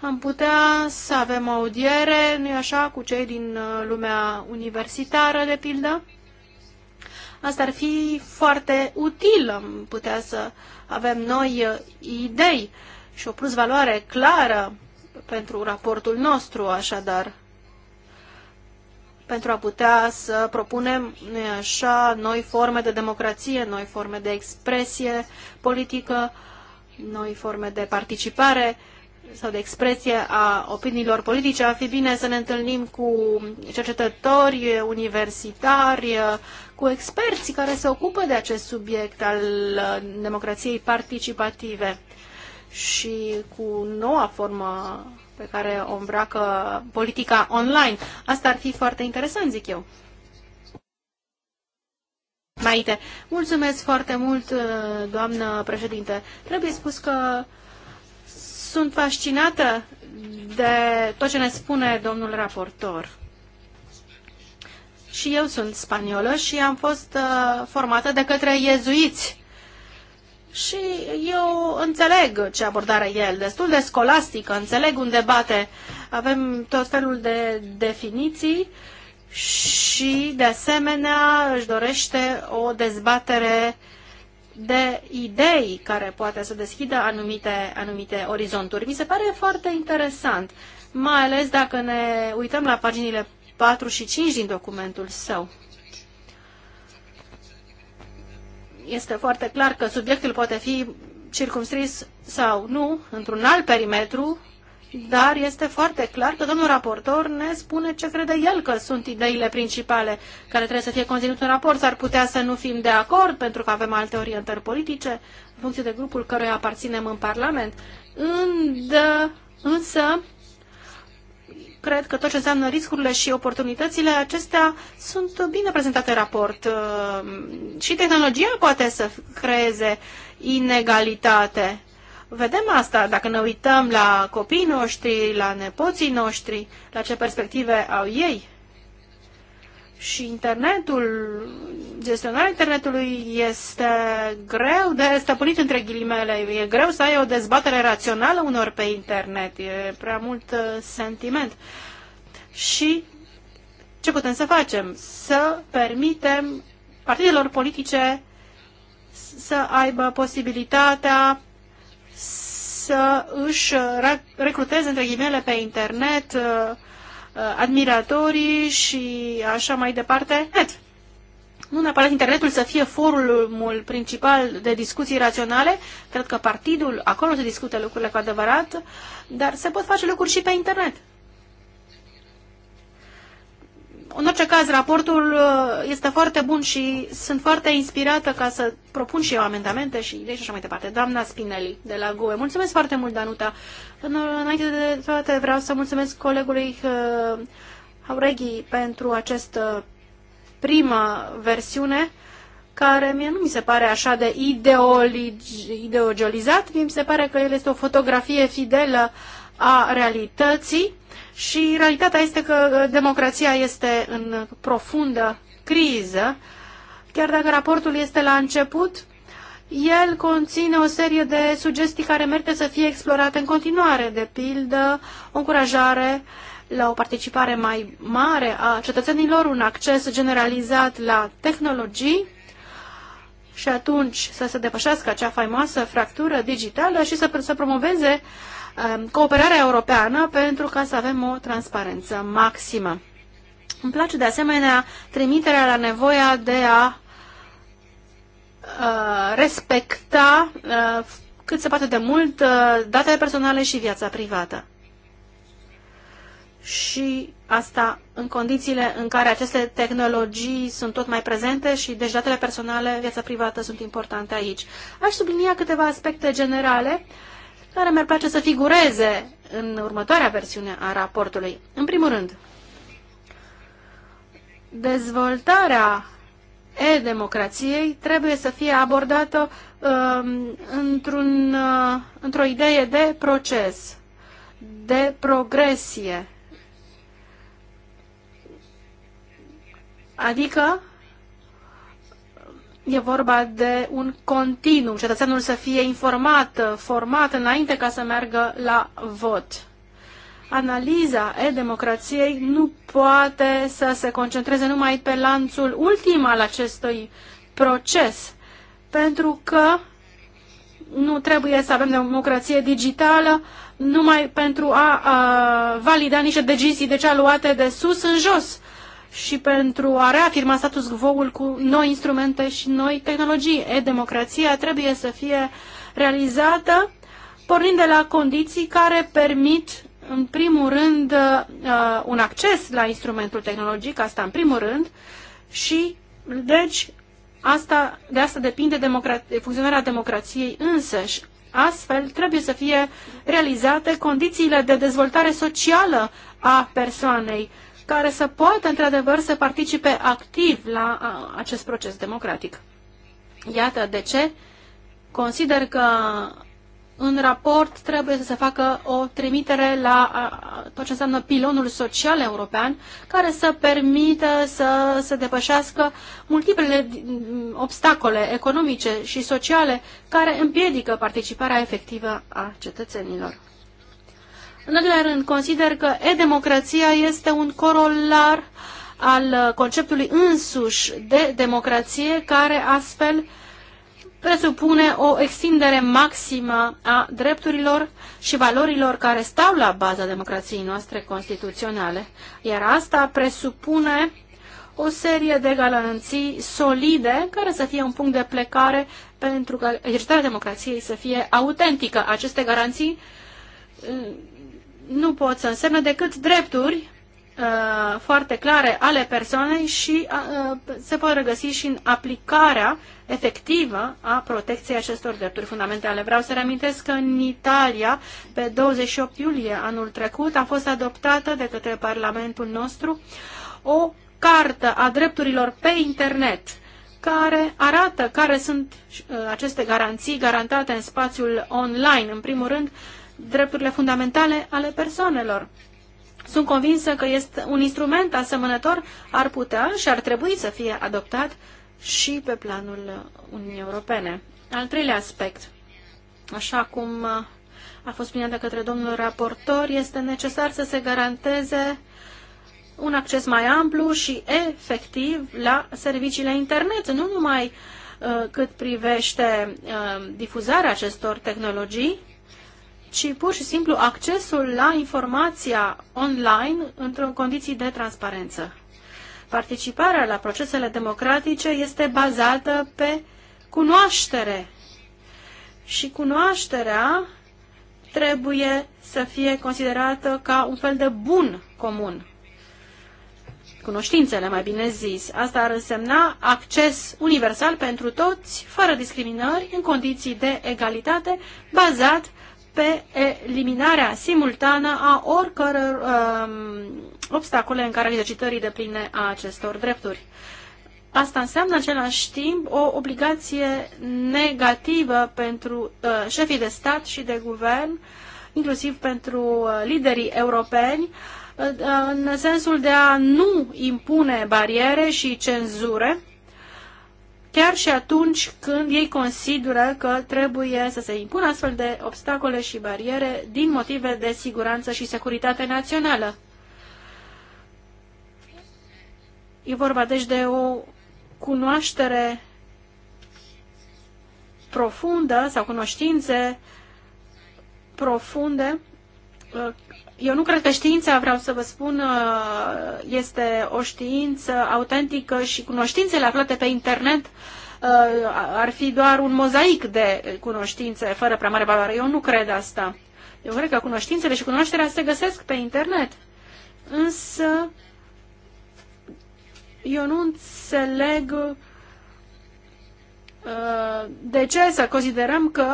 Am putea să avem audiere, nu așa, cu cei din uh, lumea universitară, de pildă, Asta ar fi foarte util, am putea să avem noi uh, idei și o plus valoare clară pentru raportul nostru, așadar, pentru a putea să propunem așa noi forme de democrație, noi forme de expresie politică, noi forme de participare sau de expresie a opiniilor politice. Ar fi bine să ne întâlnim cu cercetători, universitari, cu experții care se ocupă de acest subiect al uh, democrației participative și cu noua formă pe care o îmbracă politica online. Asta ar fi foarte interesant, zic eu. Maite, mulțumesc foarte mult, uh, doamnă președinte. Trebuie spus că sunt fascinată de tot ce ne spune domnul raportor și eu sunt spaniolă și am fost uh, formată de către iezuiți. Și eu înțeleg ce abordare e el, destul de scolastică, înțeleg un debate, Avem tot felul de definiții și, de asemenea, își dorește o dezbatere de idei care poate să deschidă anumite, anumite orizonturi. Mi se pare foarte interesant, mai ales dacă ne uităm la paginile 4 și 5 din documentul său. Este foarte clar că subiectul poate fi circumscris sau nu într-un alt perimetru, dar este foarte clar că domnul raportor ne spune ce crede el că sunt ideile principale care trebuie să fie conținute în raport. S-ar putea să nu fim de acord pentru că avem alte orientări politice în funcție de grupul căruia aparținem în Parlament. însă, cred că tot ce înseamnă riscurile și oportunitățile acestea sunt bine prezentate în raport. Uh, și tehnologia poate să creeze inegalitate. Vedem asta dacă ne uităm la copiii noștri, la nepoții noștri, la ce perspective au ei și internetul, gestionarea internetului este greu de stăpânit între ghilimele. E greu să ai o dezbatere rațională unor pe internet. E prea mult uh, sentiment. Și ce putem să facem? Să permitem partidelor politice să aibă posibilitatea să își recruteze, între ghilimele pe internet uh, Uh, admiratorii și așa mai departe. Net. Nu neapărat internetul să fie forumul principal de discuții raționale, cred că partidul, acolo se discută lucrurile cu adevărat, dar se pot face lucruri și pe internet. În orice caz, raportul uh, este foarte bun și sunt foarte inspirată ca să propun și eu amendamente și idei și așa mai departe. Doamna Spinelli de la GUE. Mulțumesc foarte mult, Danuta. Înainte de toate, vreau să mulțumesc colegului uh, Aureghi pentru această primă versiune, care mie nu mi se pare așa de ideologizat, mi se pare că el este o fotografie fidelă a realității și realitatea este că uh, democrația este în profundă criză. Chiar dacă raportul este la început, el conține o serie de sugestii care merită să fie explorate în continuare, de pildă o încurajare la o participare mai mare a cetățenilor, un acces generalizat la tehnologii și atunci să se depășească acea faimoasă fractură digitală și să, să promoveze um, cooperarea europeană pentru ca să avem o transparență maximă. Îmi place de asemenea trimiterea la nevoia de a Uh, respecta uh, cât se poate de mult uh, datele personale și viața privată. Și asta în condițiile în care aceste tehnologii sunt tot mai prezente și deci datele personale, viața privată sunt importante aici. Aș sublinia câteva aspecte generale care mi-ar place să figureze în următoarea versiune a raportului. În primul rând, dezvoltarea e-democrației trebuie să fie abordată uh, într-un, uh, într-o idee de proces, de progresie. Adică e vorba de un continuu, cetățeanul să fie informat, format înainte ca să meargă la vot analiza e-democrației nu poate să se concentreze numai pe lanțul ultim al acestui proces, pentru că nu trebuie să avem democrație digitală numai pentru a, a valida niște decizii deja luate de sus în jos și pentru a reafirma status quo cu noi instrumente și noi tehnologii. E-democrația trebuie să fie realizată pornind de la condiții care permit în primul rând, uh, uh, un acces la instrumentul tehnologic, asta în primul rând, și, deci, asta, de asta depinde democra- funcționarea democrației însăși. Astfel, trebuie să fie realizate condițiile de dezvoltare socială a persoanei, care să poată, într-adevăr, să participe activ la acest proces democratic. Iată de ce consider că în raport trebuie să se facă o trimitere la tot ce înseamnă pilonul social european, care să permită să se depășească multiplele mm, obstacole economice și sociale care împiedică participarea efectivă a cetățenilor. În al doilea rând, consider că e-democrația este un corolar al conceptului însuși de democrație, care astfel uh, presupune o extindere maximă a drepturilor și valorilor care stau la baza democrației noastre constituționale, iar asta presupune o serie de garanții solide care să fie un punct de plecare pentru că exercitarea democrației să fie autentică. Aceste garanții uh, nu pot să însemne decât drepturi uh, foarte clare ale persoanei și uh, se pot regăsi și în aplicarea efectivă a protecției acestor drepturi fundamentale. Vreau să reamintesc că în Italia, pe 28 iulie anul trecut, a fost adoptată de către Parlamentul nostru o cartă a drepturilor pe internet care arată care sunt uh, aceste garanții garantate în spațiul online. În primul rând, drepturile fundamentale ale persoanelor. Sunt convinsă că este un instrument asemănător ar putea și ar trebui să fie adoptat și pe planul Uniunii Europene. Al treilea aspect, așa cum a fost bine de către domnul raportor, este necesar să se garanteze un acces mai amplu și efectiv la serviciile internet, nu numai uh, cât privește uh, difuzarea acestor tehnologii, ci pur și simplu accesul la informația online într-o condiții de transparență. Participarea la procesele democratice este bazată pe cunoaștere și cunoașterea trebuie să fie considerată ca un fel de bun comun. Cunoștințele, mai bine zis. Asta ar însemna acces universal pentru toți, fără discriminări, în condiții de egalitate, bazat pe eliminarea simultană a oricăror um, obstacole în care exercitării de pline a acestor drepturi. Asta înseamnă în același timp o obligație negativă pentru uh, șefii de stat și de guvern, inclusiv pentru uh, liderii europeni, uh, în sensul de a nu impune bariere și cenzure, chiar și atunci când ei consideră că trebuie să se impună astfel de obstacole și bariere din motive de siguranță și securitate națională. E vorba deci de o cunoaștere profundă sau cunoștințe profunde. Eu nu cred că știința, vreau să vă spun, este o știință autentică și cunoștințele aflate pe internet uh, ar fi doar un mozaic de cunoștințe fără prea mare valoare. Eu nu cred asta. Eu cred că cunoștințele și cunoașterea se găsesc pe internet. Însă eu nu înțeleg uh, de ce să considerăm că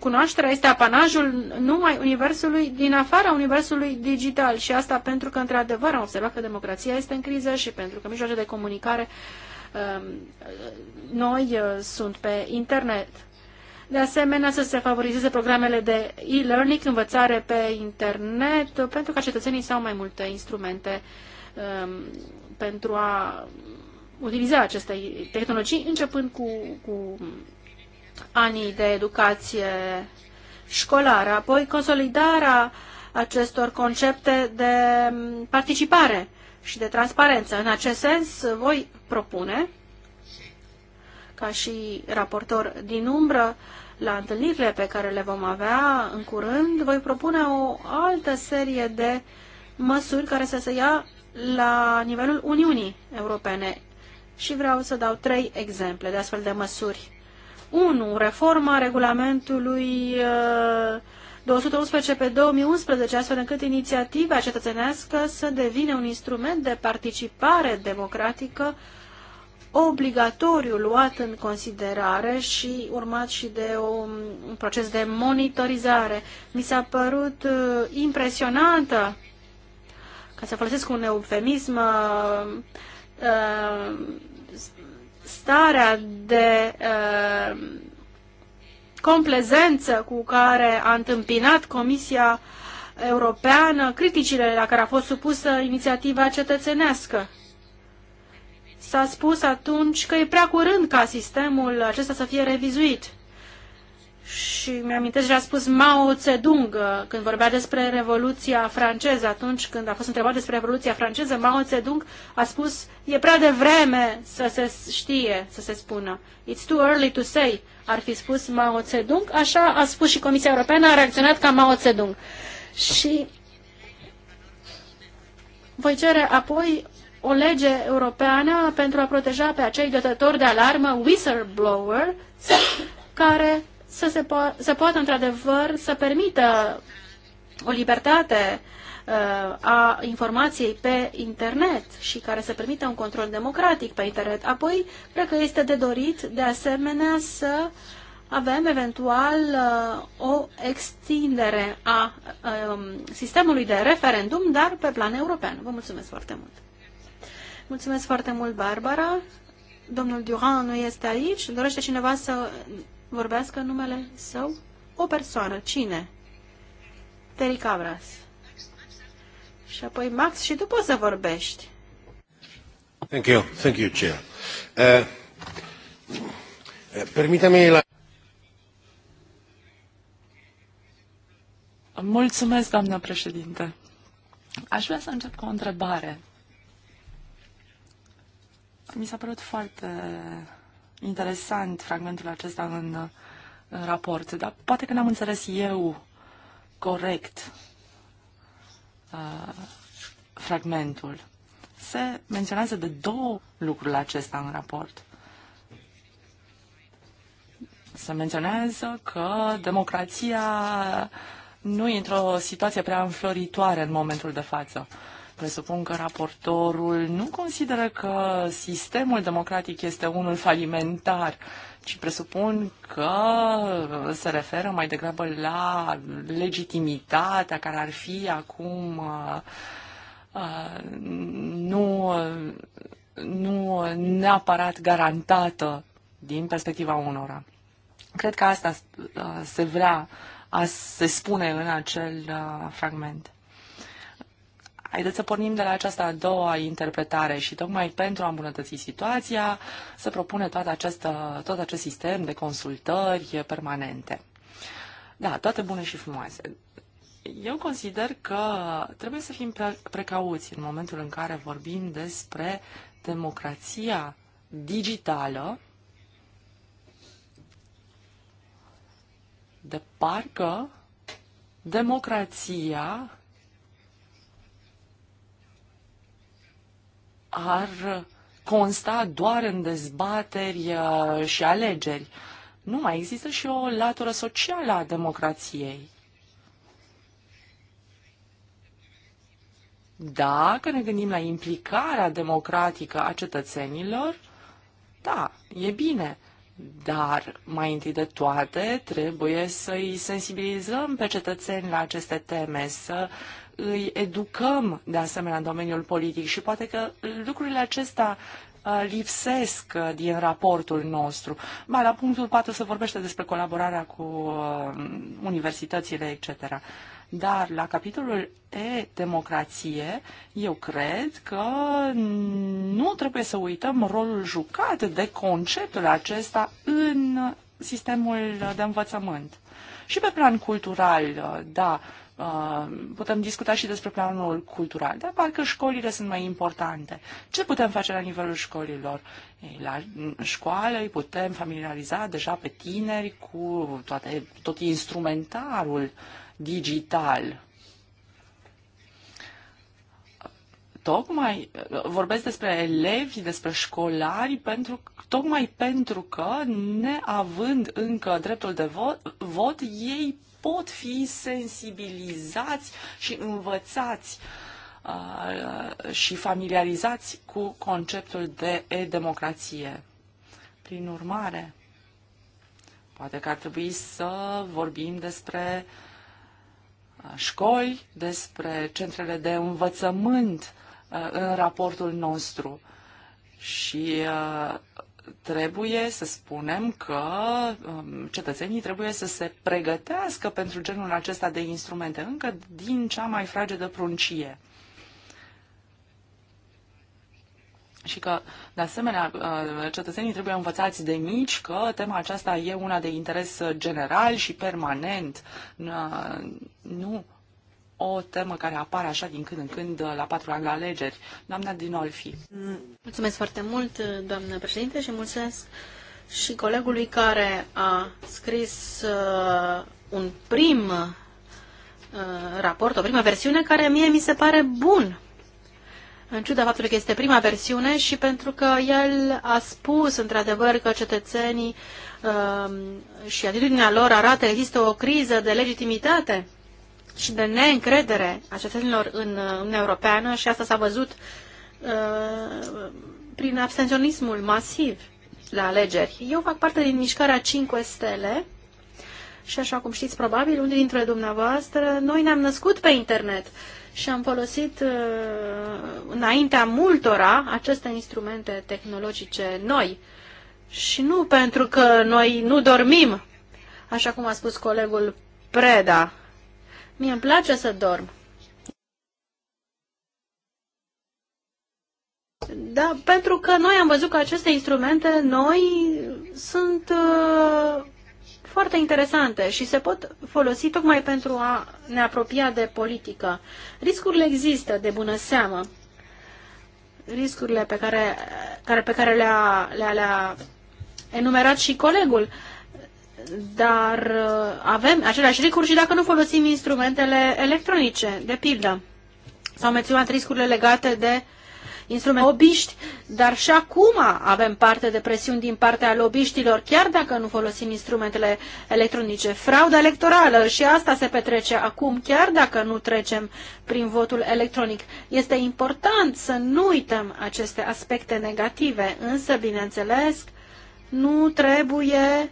cunoașterea este apanajul numai universului din afara universului digital și asta pentru că într-adevăr am observat că democrația este în criză și pentru că mijloace de comunicare um, noi uh, sunt pe internet. De asemenea, să se favorizeze programele de e-learning, învățare pe internet, pentru ca cetățenii să au mai multe instrumente um, pentru a utiliza aceste tehnologii, începând cu, cu anii de educație școlară, apoi consolidarea acestor concepte de participare și de transparență. În acest sens, voi propune, ca și raportor din umbră, la întâlnirile pe care le vom avea în curând, voi propune o altă serie de măsuri care să se ia la nivelul Uniunii Europene și vreau să dau trei exemple de astfel de măsuri. 1. Reforma regulamentului 211 uh, pe 2011, astfel încât inițiativa cetățenească să devină un instrument de participare democratică obligatoriu luat în considerare și urmat și de un, un proces de monitorizare. Mi s-a părut uh, impresionantă ca să folosesc un eufemism, uh, uh, starea de uh, complezență cu care a întâmpinat Comisia Europeană criticile la care a fost supusă inițiativa cetățenească. S-a spus atunci că e prea curând ca sistemul acesta să fie revizuit și mi-amintesc ce a spus Mao Zedong uh, când vorbea despre Revoluția franceză, atunci când a fost întrebat despre Revoluția franceză, Mao Zedong a spus, e prea devreme să se știe, să se spună. It's too early to say, ar fi spus Mao Zedong, așa a spus și Comisia Europeană, a reacționat ca Mao Zedong. Și voi cere apoi o lege europeană pentru a proteja pe acei dătători de alarmă, whistleblower, care să se, po- să poată într-adevăr să permită o libertate uh, a informației pe internet și care să permită un control democratic pe internet. Apoi, cred că este de dorit, de asemenea, să avem eventual uh, o extindere a um, sistemului de referendum, dar pe plan european. Vă mulțumesc foarte mult! Mulțumesc foarte mult, Barbara! Domnul Duran nu este aici. Dorește cineva să vorbească numele său? O persoană. Cine? Terry Și apoi, Max, și tu poți să vorbești.
Thank you. Thank you, Chair. Uh, uh, Permite-mi la... Mulțumesc, doamnă președinte. Aș vrea să încep cu o întrebare. Mi s-a părut foarte interesant fragmentul acesta în, în raport, dar poate că n-am înțeles eu corect uh, fragmentul. Se menționează de două lucruri acesta în raport. Se menționează că democrația nu e într-o situație prea înfloritoare în momentul de față. Uh, Presupun că raportorul nu consideră că sistemul democratic este unul falimentar, ci presupun că se referă mai degrabă la legitimitatea care ar fi acum uh, uh, nu, nu neapărat garantată din perspectiva unora. Cred că asta uh, se vrea, se spune în acel fragment. Haideți să pornim de la această a doua interpretare și tocmai pentru a îmbunătăți situația se propune toată această, tot acest sistem de consultări permanente. Da, toate bune și frumoase. Eu consider că trebuie să fim precauți în momentul în care vorbim despre democrația digitală, de parcă democrația ar consta doar în dezbateri uh, și alegeri. Nu mai există și o latură socială a democrației. Dacă ne gândim la implicarea democratică a cetățenilor, da, e bine. Dar, mai întâi de toate, trebuie să-i sensibilizăm pe cetățeni la aceste teme, să uh, îi educăm de asemenea în domeniul politic și poate că lucrurile acestea uh, lipsesc uh, din raportul nostru. Ba, la punctul 4 se vorbește despre colaborarea cu uh, universitățile, etc. Dar la capitolul E-democrație, eu cred că nu trebuie să uităm rolul jucat de conceptul acesta în sistemul de învățământ. Și pe plan cultural, da, Uh, putem discuta și despre planul cultural, dar parcă școlile sunt mai importante. Ce putem face la nivelul școlilor? la școală îi putem familiariza deja pe tineri cu toate, tot instrumentarul digital. Tocmai vorbesc despre elevi, despre școlari, pentru, tocmai pentru că, neavând încă dreptul de vot, vot ei pot fi sensibilizați și învățați uh, și familiarizați cu conceptul de e-democrație. Prin urmare, poate că ar trebui să vorbim despre uh, școli, despre centrele de învățământ uh, în raportul nostru și trebuie să spunem că um, cetățenii trebuie să se pregătească pentru genul acesta de instrumente încă din cea mai fragedă pruncie. Și că, de asemenea, uh, cetățenii trebuie învățați de mici că tema aceasta e una de interes general și permanent. Uh, nu o temă care apare așa din când în când uh, la patru ani la alegeri. Doamna Dinolfi. Mulțumesc
foarte mult, uh, doamnă președinte, și mulțumesc și colegului care a scris uh, un prim uh, raport, o primă versiune care mie mi se pare bun. În ciuda faptului că este prima versiune și pentru că el a spus într-adevăr că cetățenii uh, și atitudinea lor arată există o criză de legitimitate și de neîncredere a cetățenilor uh, în Uniunea Europeană și asta s-a văzut uh, prin abstenționismul masiv la alegeri. Eu fac parte din mișcarea 5 stele și așa cum știți probabil, unii dintre dumneavoastră, noi ne-am născut pe internet și am folosit uh, înaintea multora aceste instrumente tehnologice noi. Și nu pentru că noi nu dormim, așa cum a spus colegul Preda, Mie îmi place să dorm. Da, pentru că noi am văzut că aceste instrumente noi sunt uh, foarte interesante și se pot folosi tocmai pentru a ne apropia de politică. Riscurile există, de bună seamă. Riscurile pe care, care, pe care le-a, le-a, le-a enumerat și colegul. Uh, dar uh, avem aceleași riscuri și dacă nu folosim instrumentele electronice, de pildă. S-au menționat riscurile legate de instrumente lobiști, dar și acum avem parte de presiuni din partea lobiștilor, chiar dacă nu folosim instrumentele electronice. Frauda electorală și asta se petrece acum, chiar dacă nu trecem prin votul electronic. Este important să nu uităm aceste aspecte negative, însă, bineînțeles, nu trebuie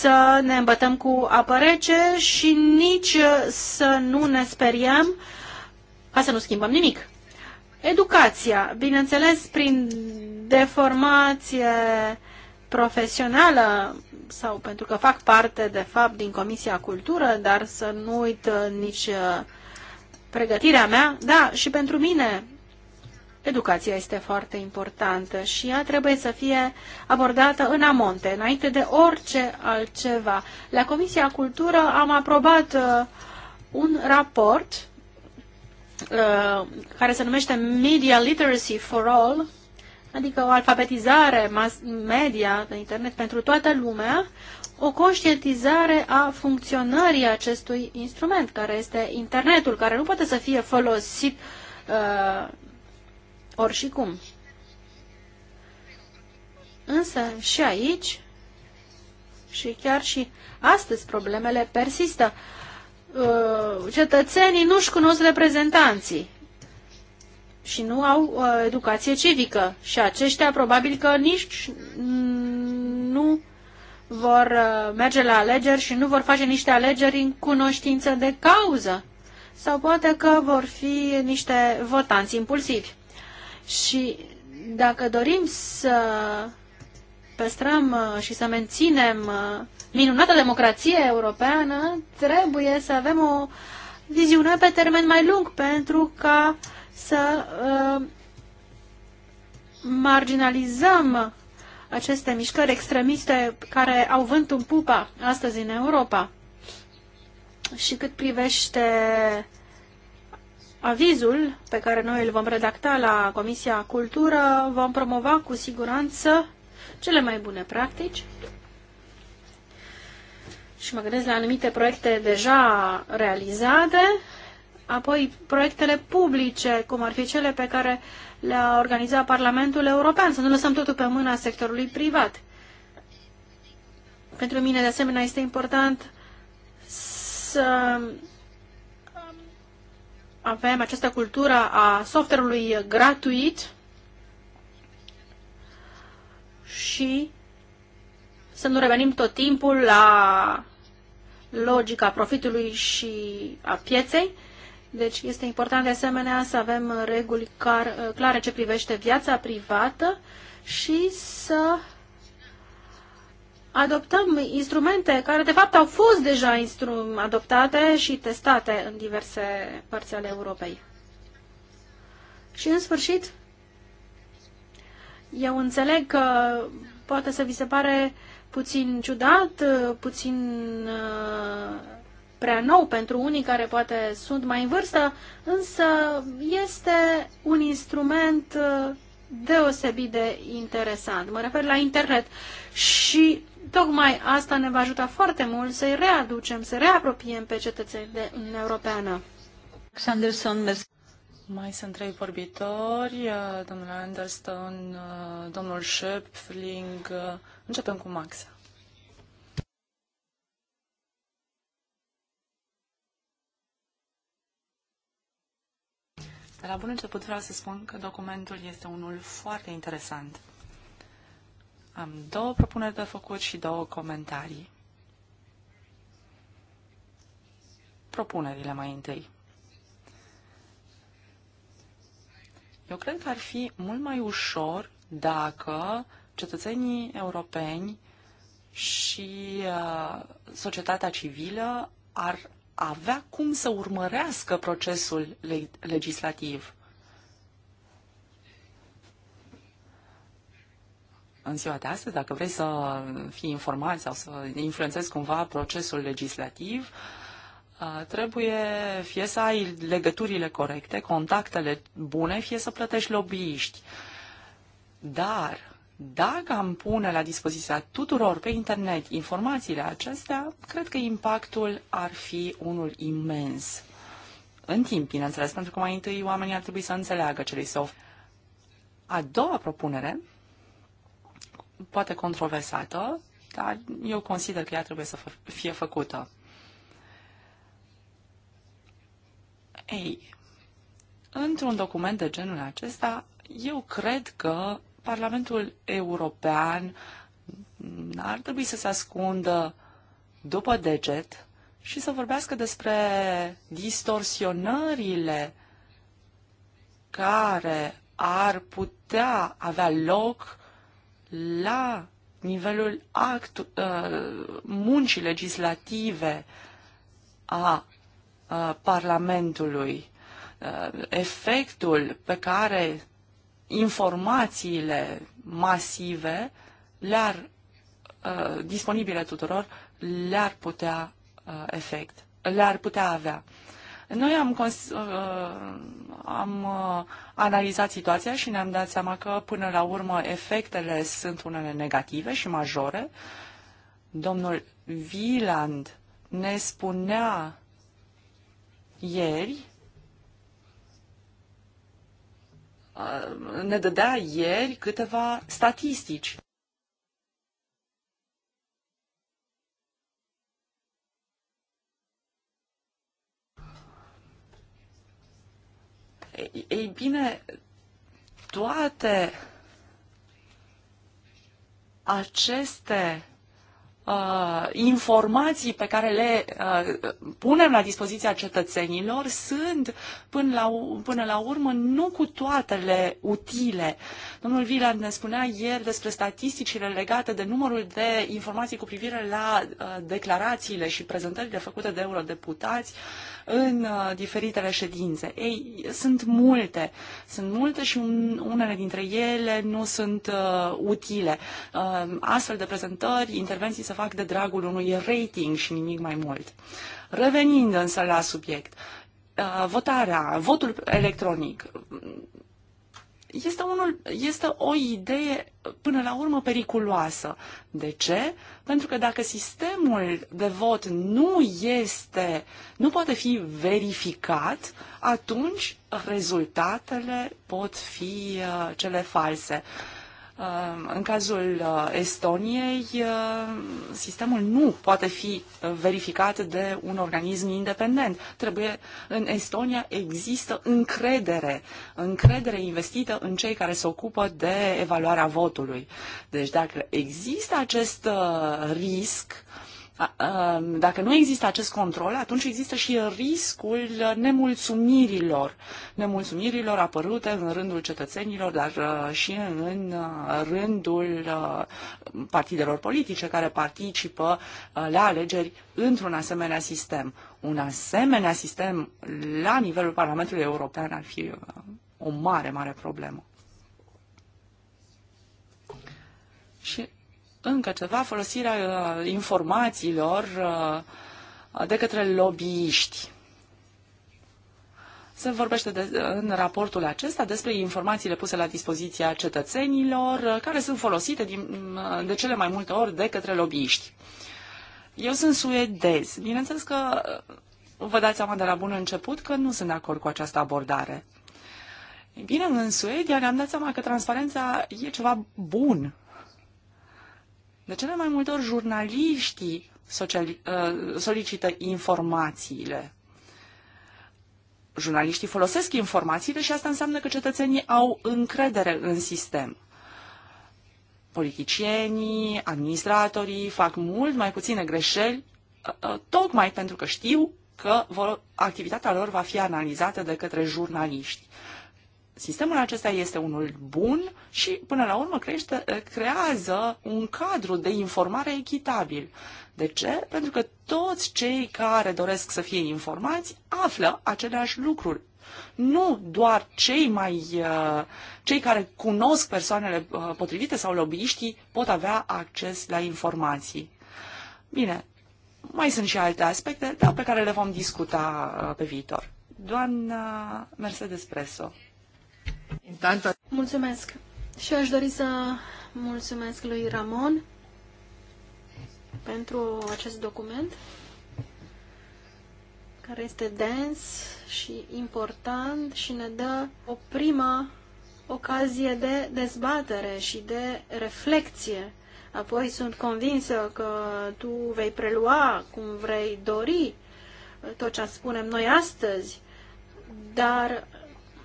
să ne îmbătăm cu apă rece și nici uh, să nu ne speriem ca să nu schimbăm nimic. Educația, bineînțeles, prin deformație profesională sau pentru că fac parte, de fapt, din Comisia Cultură, dar să nu uit uh, nici uh, pregătirea mea, da, și pentru mine Educația este foarte importantă și ea trebuie să fie abordată în amonte, înainte de orice altceva. La Comisia Cultură am aprobat uh, un raport uh, care se numește Media Literacy for All, adică o alfabetizare media pe internet pentru toată lumea, o conștientizare a funcționării acestui instrument, care este internetul, care nu poate să fie folosit uh, ori și cum. Însă și aici, și chiar și astăzi, problemele persistă. Uh, cetățenii nu-și cunosc reprezentanții și nu au uh, educație civică și aceștia probabil că nici nu vor uh, merge la alegeri și nu vor face niște alegeri în cunoștință de cauză. Sau poate că vor fi niște votanți impulsivi. Și dacă dorim să păstrăm uh, și să menținem uh, minunata democrație europeană, trebuie să avem o viziune pe termen mai lung pentru ca să uh, marginalizăm aceste mișcări extremiste care au vânt un pupa astăzi în Europa. Și cât privește uh, Avizul pe care noi îl vom redacta la Comisia Cultură vom promova cu siguranță cele mai bune practici și mă gândesc la anumite proiecte deja realizate, apoi proiectele publice, cum ar fi cele pe care le-a organizat Parlamentul European, să nu lăsăm totul pe mâna sectorului privat. Pentru mine, de asemenea, este important să avem această cultură a software-ului gratuit și să nu revenim tot timpul la logica profitului și a pieței. Deci este important de asemenea să avem reguli clare ce privește viața privată și să adoptăm instrumente care de fapt au fost deja adoptate și testate în diverse părți ale Europei. Și în sfârșit, eu înțeleg că poate să vi se pare puțin ciudat, puțin uh, prea nou pentru unii care poate sunt mai în vârstă, însă este un instrument uh, deosebit de interesant. Mă refer la internet și tocmai asta ne va ajuta foarte mult să-i readucem, să reapropiem pe cetățeni de Uniunea Europeană.
Anderson, merci. Mai sunt trei vorbitori, uh, domnul Anderson, uh, domnul Schöpfling. Uh, începem cu Maxa. De la bun început vreau să spun că documentul este unul foarte interesant. Am două propuneri de făcut și două comentarii. Propunerile mai întâi. Eu cred că ar fi mult mai ușor dacă cetățenii europeni și uh, societatea civilă ar avea cum să urmărească procesul legislativ. în ziua de astăzi, dacă vrei să fii informat sau să influențezi cumva procesul legislativ, uh, trebuie fie să ai legăturile corecte, contactele bune, fie să plătești lobbyiști. Dar dacă am pune la dispoziția tuturor pe internet informațiile acestea, cred că impactul ar fi unul imens. În timp, bineînțeles, pentru că mai întâi oamenii ar trebui să înțeleagă ce li se oferă. A doua propunere poate controversată, dar eu consider că ea trebuie să fie făcută. Ei, într-un document de genul acesta, eu cred că Parlamentul European n-ar trebui să se ascundă după deget și să vorbească despre distorsionările care ar putea avea loc la nivelul actu- uh, muncii legislative a uh, Parlamentului, uh, efectul pe care informațiile masive le-ar disponibile tuturor le-ar putea efect, le-ar putea avea. Noi am, cons- uh, am uh, analizat situația și ne-am dat seama că, până la urmă, efectele sunt unele negative și majore. Domnul Wieland ne spunea ieri uh, ne dădea ieri câteva statistici. Ei bine, toate aceste uh, informații pe care le uh, punem la dispoziția cetățenilor sunt, până la, până la urmă, nu cu toatele utile. Domnul Vilan ne spunea ieri despre statisticile legate de numărul de informații cu privire la uh, declarațiile și prezentările făcute de eurodeputați în uh, diferitele ședințe. Ei, sunt multe, sunt multe și unele dintre ele nu sunt uh, utile. Uh, astfel de prezentări, intervenții se fac de dragul unui rating și nimic mai mult. Revenind însă la subiect, uh, votarea, votul electronic este, unul, este o idee până la urmă periculoasă. De ce? Pentru că dacă sistemul de vot nu este, nu poate fi verificat, atunci rezultatele pot fi uh, cele false. Uh, Uh, în cazul uh, Estoniei, uh, sistemul nu poate fi verificat de un organism independent. Trebuie, în Estonia există încredere, încredere investită în cei care se ocupă de evaluarea votului. Deci dacă există acest risc, uh, dacă nu există acest control, atunci există și riscul nemulțumirilor, nemulțumirilor apărute în rândul cetățenilor, dar și în rândul partidelor politice care participă la alegeri într-un asemenea sistem. Un asemenea sistem la nivelul Parlamentului European ar fi o mare, mare problemă. Și încă ceva, folosirea uh, informațiilor uh, de către lobbyiști. Se vorbește de, în raportul acesta despre informațiile puse la dispoziția cetățenilor, uh, care sunt folosite din, de cele mai multe ori de către lobbyiști. Eu sunt suedez. Bineînțeles că vă dați seama de la bun început că nu sunt de acord cu această abordare. Bine, în Suedia ne-am dat seama că transparența e ceva bun. De cele mai multe ori, jurnaliștii uh, solicită informațiile. Jurnaliștii folosesc informațiile și asta înseamnă că cetățenii au încredere în sistem. Politicienii, administratorii fac mult mai puține greșeli, uh, uh, tocmai pentru că știu că activitatea lor va fi analizată de către jurnaliști. Sistemul acesta este unul bun și, până la urmă, crește, creează un cadru de informare echitabil. De ce? Pentru că toți cei care doresc să fie informați află aceleași lucruri. Nu doar cei, mai, uh, cei care cunosc persoanele uh, potrivite sau lobbyiștii pot avea acces la informații. Bine, mai sunt și alte aspecte, dar pe care le vom discuta uh, pe viitor. Doamna Mercedes Preso.
Mulțumesc. Și aș dori să mulțumesc lui Ramon pentru acest document care este dens și important și ne dă o primă ocazie de dezbatere și de reflexie. Apoi sunt convinsă că tu vei prelua cum vrei dori tot ce spunem noi astăzi, dar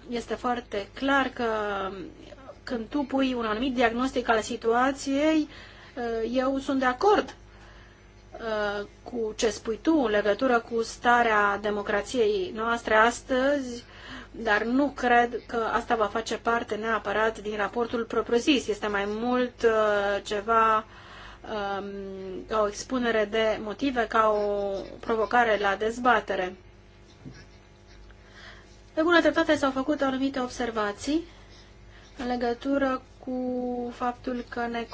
este foarte clar că când tu pui un anumit diagnostic al situației, uh, eu sunt de acord uh, cu ce spui tu în legătură cu starea democrației noastre astăzi, dar nu cred că asta va face parte neapărat din raportul propriu-zis. Este mai mult uh, ceva um, ca o expunere de motive, ca o provocare la dezbatere. Pe bună dreptate s-au făcut anumite observații în legătură cu faptul că ne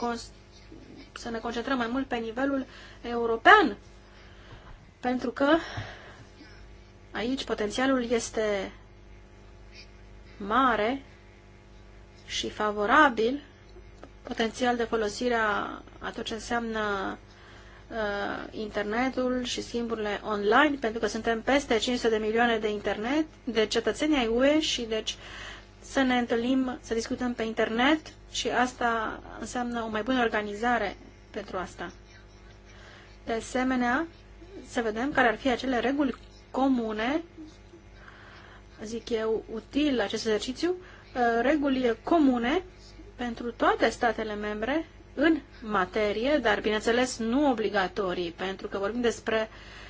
să ne concentrăm mai mult pe nivelul european, pentru că aici potențialul este mare și favorabil, potențial de folosire a tot ce înseamnă Uh, internetul și schimburile online, pentru că suntem peste 500 de milioane de internet, de cetățeni ai UE și deci să ne întâlnim, să discutăm pe internet și asta înseamnă o mai bună organizare pentru asta. De asemenea, să vedem care ar fi acele reguli comune, zic eu, util acest exercițiu, uh, reguli comune pentru toate statele membre în materie, dar bineînțeles nu obligatorii, pentru că vorbim despre,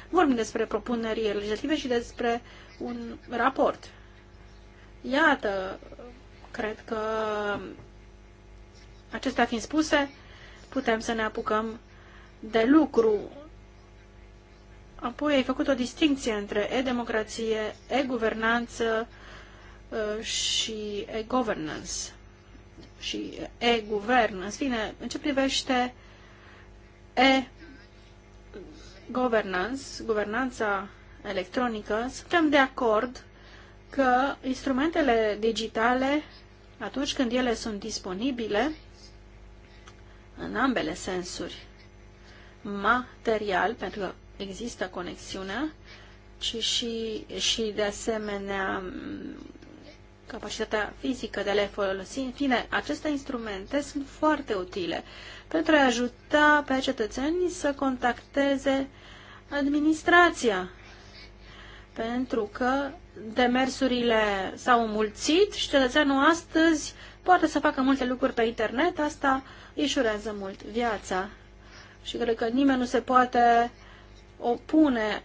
vorbim despre propuneri legislative și despre un raport. Iată, cred că acestea fiind spuse, putem să ne apucăm de lucru. Apoi ai făcut o distinție între e-democrație, e-guvernanță uh, și e-governance și e-guvern. În fine, în ce privește e-governance, guvernanța electronică, suntem de acord că instrumentele digitale, atunci când ele sunt disponibile, în ambele sensuri, material, pentru că există conexiunea, ci și, și de asemenea capacitatea fizică de a le folosi. În fine, aceste instrumente sunt foarte utile pentru a ajuta pe cetățenii să contacteze administrația, pentru că demersurile s-au mulțit și cetățeanul astăzi poate să facă multe lucruri pe internet, asta îi mult viața. Și cred că nimeni nu se poate opune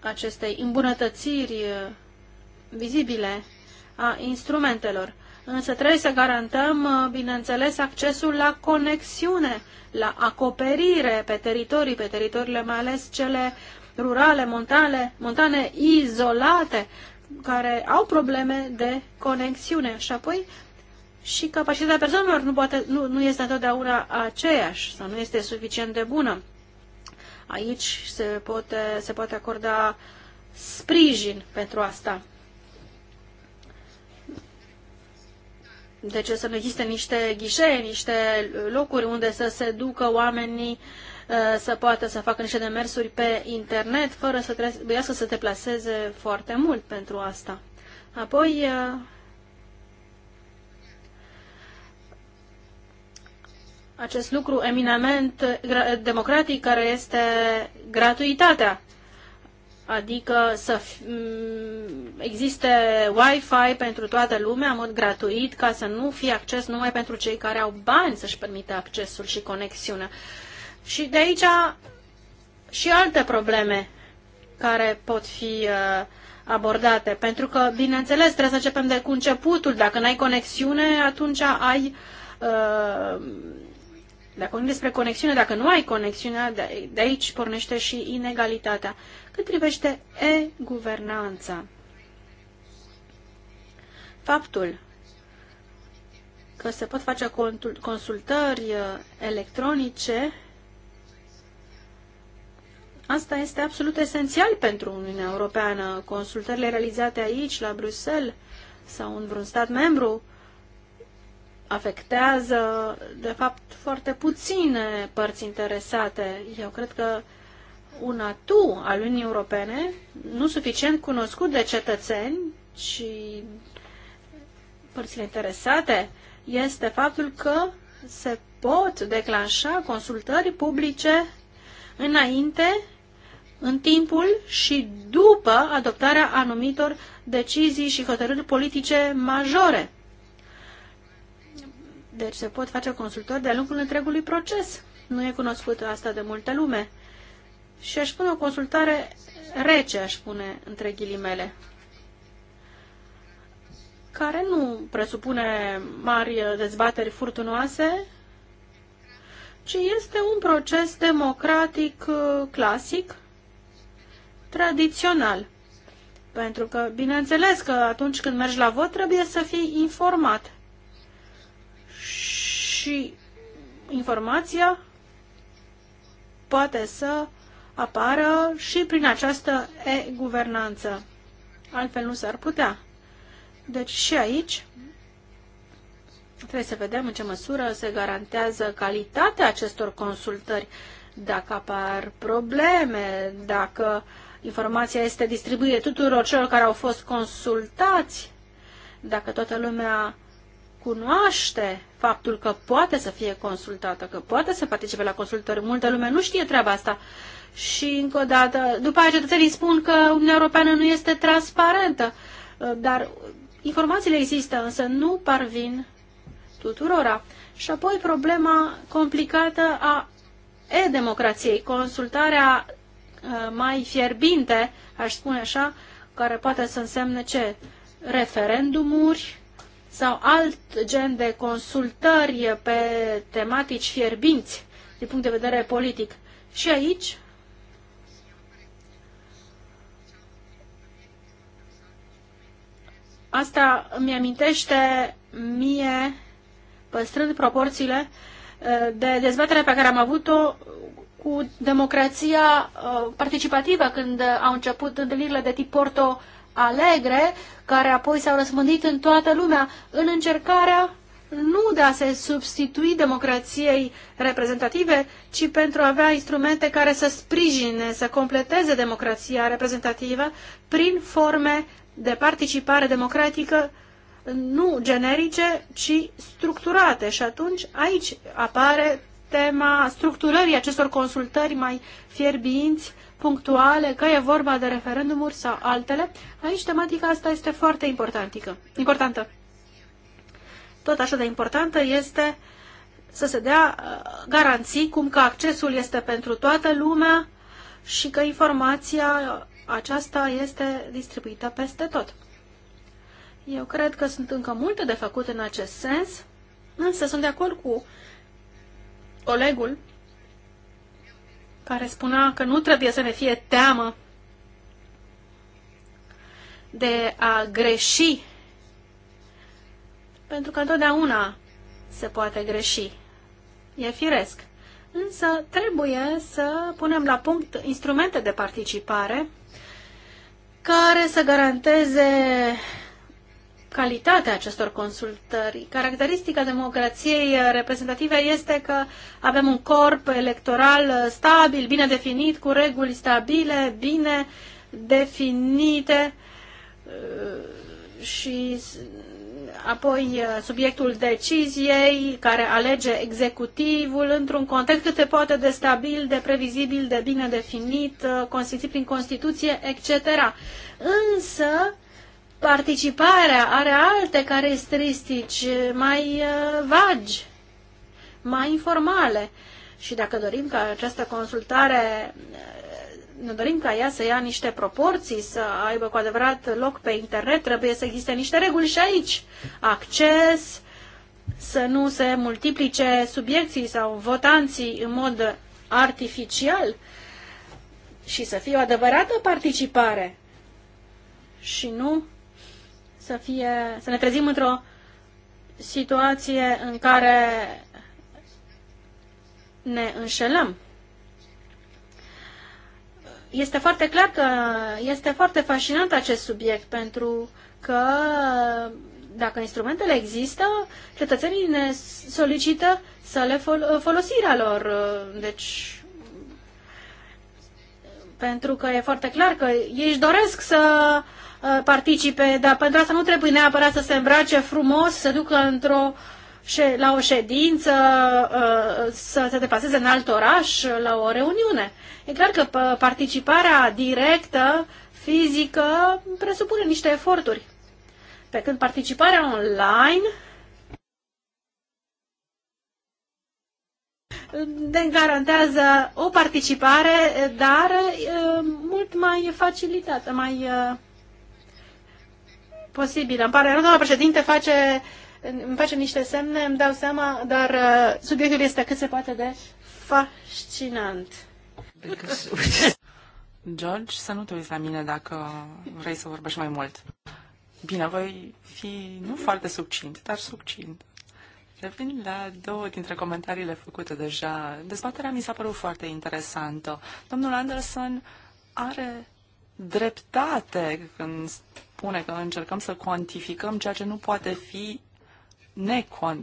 acestei îmbunătățiri uh, vizibile a instrumentelor. Însă trebuie să garantăm, uh, bineînțeles, accesul la conexiune, la acoperire pe teritorii, pe teritoriile mai ales cele rurale, montane, montane izolate, care au probleme de conexiune. Și apoi și capacitatea persoanelor nu, poate, nu, nu este întotdeauna aceeași sau nu este suficient de bună. Aici se poate, se poate acorda sprijin pentru asta. De ce să nu existe niște ghișee, niște locuri unde să se ducă oamenii uh, să poată să facă niște demersuri pe internet fără să trebuiască să te plaseze foarte mult pentru asta. Apoi, uh, acest lucru eminament democratic care este gratuitatea adică să existe Wi-Fi pentru toată lumea, în mod gratuit, ca să nu fie acces numai pentru cei care au bani să-și permită accesul și conexiunea. Și de aici și alte probleme care pot fi uh, abordate, pentru că, bineînțeles, trebuie să începem de cu începutul. Dacă n-ai conexiune, atunci ai uh, dacă nu despre conexiune, dacă nu ai conexiune, de aici pornește și inegalitatea. Cât privește e-guvernanța, faptul că se pot face consultări uh, electronice, asta este absolut esențial pentru Uniunea Europeană. Consultările realizate aici, la Bruxelles sau în vreun stat membru, afectează, de fapt, foarte puține părți interesate. Eu cred că un atu al Uniunii Europene, nu suficient cunoscut de cetățeni, și părțile interesate, este faptul că se pot declanșa consultări publice înainte, în timpul și după adoptarea anumitor decizii și hotărâri politice majore. Deci se pot face consultări de-a lungul întregului proces. Nu e cunoscut asta de multă lume și aș pune o consultare rece, aș pune între ghilimele, care nu presupune mari dezbateri furtunoase, ci este un proces democratic uh, clasic, tradițional. Pentru că, bineînțeles că atunci când mergi la vot trebuie să fii informat. Și informația poate să uh, apară și prin această e-guvernanță. Altfel nu s-ar putea. Deci și aici trebuie să vedem în ce măsură se garantează calitatea acestor consultări, dacă apar probleme, dacă informația este distribuită tuturor celor care au fost consultați, dacă toată lumea cunoaște faptul că poate să fie consultată, că poate să participe la consultări. Multă lume nu știe treaba asta și încă o dată, după aceea cetățenii spun că Uniunea Europeană nu este transparentă, uh, dar informațiile există, însă nu parvin tuturora. Și apoi problema complicată a e-democrației, consultarea uh, mai fierbinte, aș spune așa, care poate să însemne ce? Referendumuri sau alt gen de consultări pe tematici fierbinți din punct de vedere politic. Și aici Asta îmi amintește mie, păstrând proporțiile, eh, de dezbaterea pe care am avut-o cu democrația eh, participativă, când au început întâlnirile de tip Porto Alegre, care apoi s-au răspândit în toată lumea, în încercarea nu de a se substitui democrației reprezentative, ci pentru a avea instrumente care să sprijine, să completeze democrația reprezentativă prin forme de participare democratică nu generice, ci structurate. Și atunci aici apare tema structurării acestor consultări mai fierbinți, punctuale, că e vorba de referendumuri sau altele. Aici tematica asta este foarte importantă tot așa de importantă este să se dea uh, garanții cum că accesul este pentru toată lumea și că informația aceasta este distribuită peste tot. Eu cred că sunt încă multe de făcut în acest sens, însă sunt de acord cu colegul care spunea că nu trebuie să ne fie teamă de a greși pentru că întotdeauna se poate greși. E firesc. Însă trebuie să punem la punct instrumente de participare care să garanteze calitatea acestor consultări. Caracteristica democrației reprezentative este că avem un corp electoral stabil, bine definit, cu reguli stabile, bine definite uh, și apoi uh, subiectul deciziei care alege executivul într-un context cât se poate de stabil, de previzibil, de bine definit, uh, constituit prin Constituție, etc. Însă, participarea are alte caracteristici mai uh, vagi, mai informale. Și dacă dorim ca această consultare ne dorim ca ea să ia niște proporții, să aibă cu adevărat loc pe internet, trebuie să existe niște reguli și aici. Acces, să nu se multiplice subiecții sau votanții în mod artificial și să fie o adevărată participare și nu să, fie, să ne trezim într-o situație în care ne înșelăm este foarte clar că este foarte fascinant acest subiect, pentru că dacă instrumentele există, cetățenii ne solicită să le fol- folosirea lor. Deci, pentru că e foarte clar că ei își doresc să uh, participe, dar pentru asta nu trebuie neapărat să se îmbrace frumos, să ducă într-o uh, la o ședință, uh, să se deplaseze în alt oraș, la o reuniune. E clar că participarea directă, fizică, presupune niște eforturi. Pe când participarea online ne garantează o participare, dar uh, mult mai facilitată, mai uh, posibilă. Îmi pare rău, președinte face uh, îmi facem niște semne, îmi dau seama, dar uh, subiectul este cât se poate de
fascinant. George, să nu te uiți la mine dacă vrei să vorbești mai mult. Bine, voi fi nu foarte succint, dar succint. Revin la două dintre comentariile făcute deja. Dezbaterea mi s-a părut foarte interesantă. Domnul Anderson are dreptate când spune că încercăm să cuantificăm ceea ce nu poate fi Uh,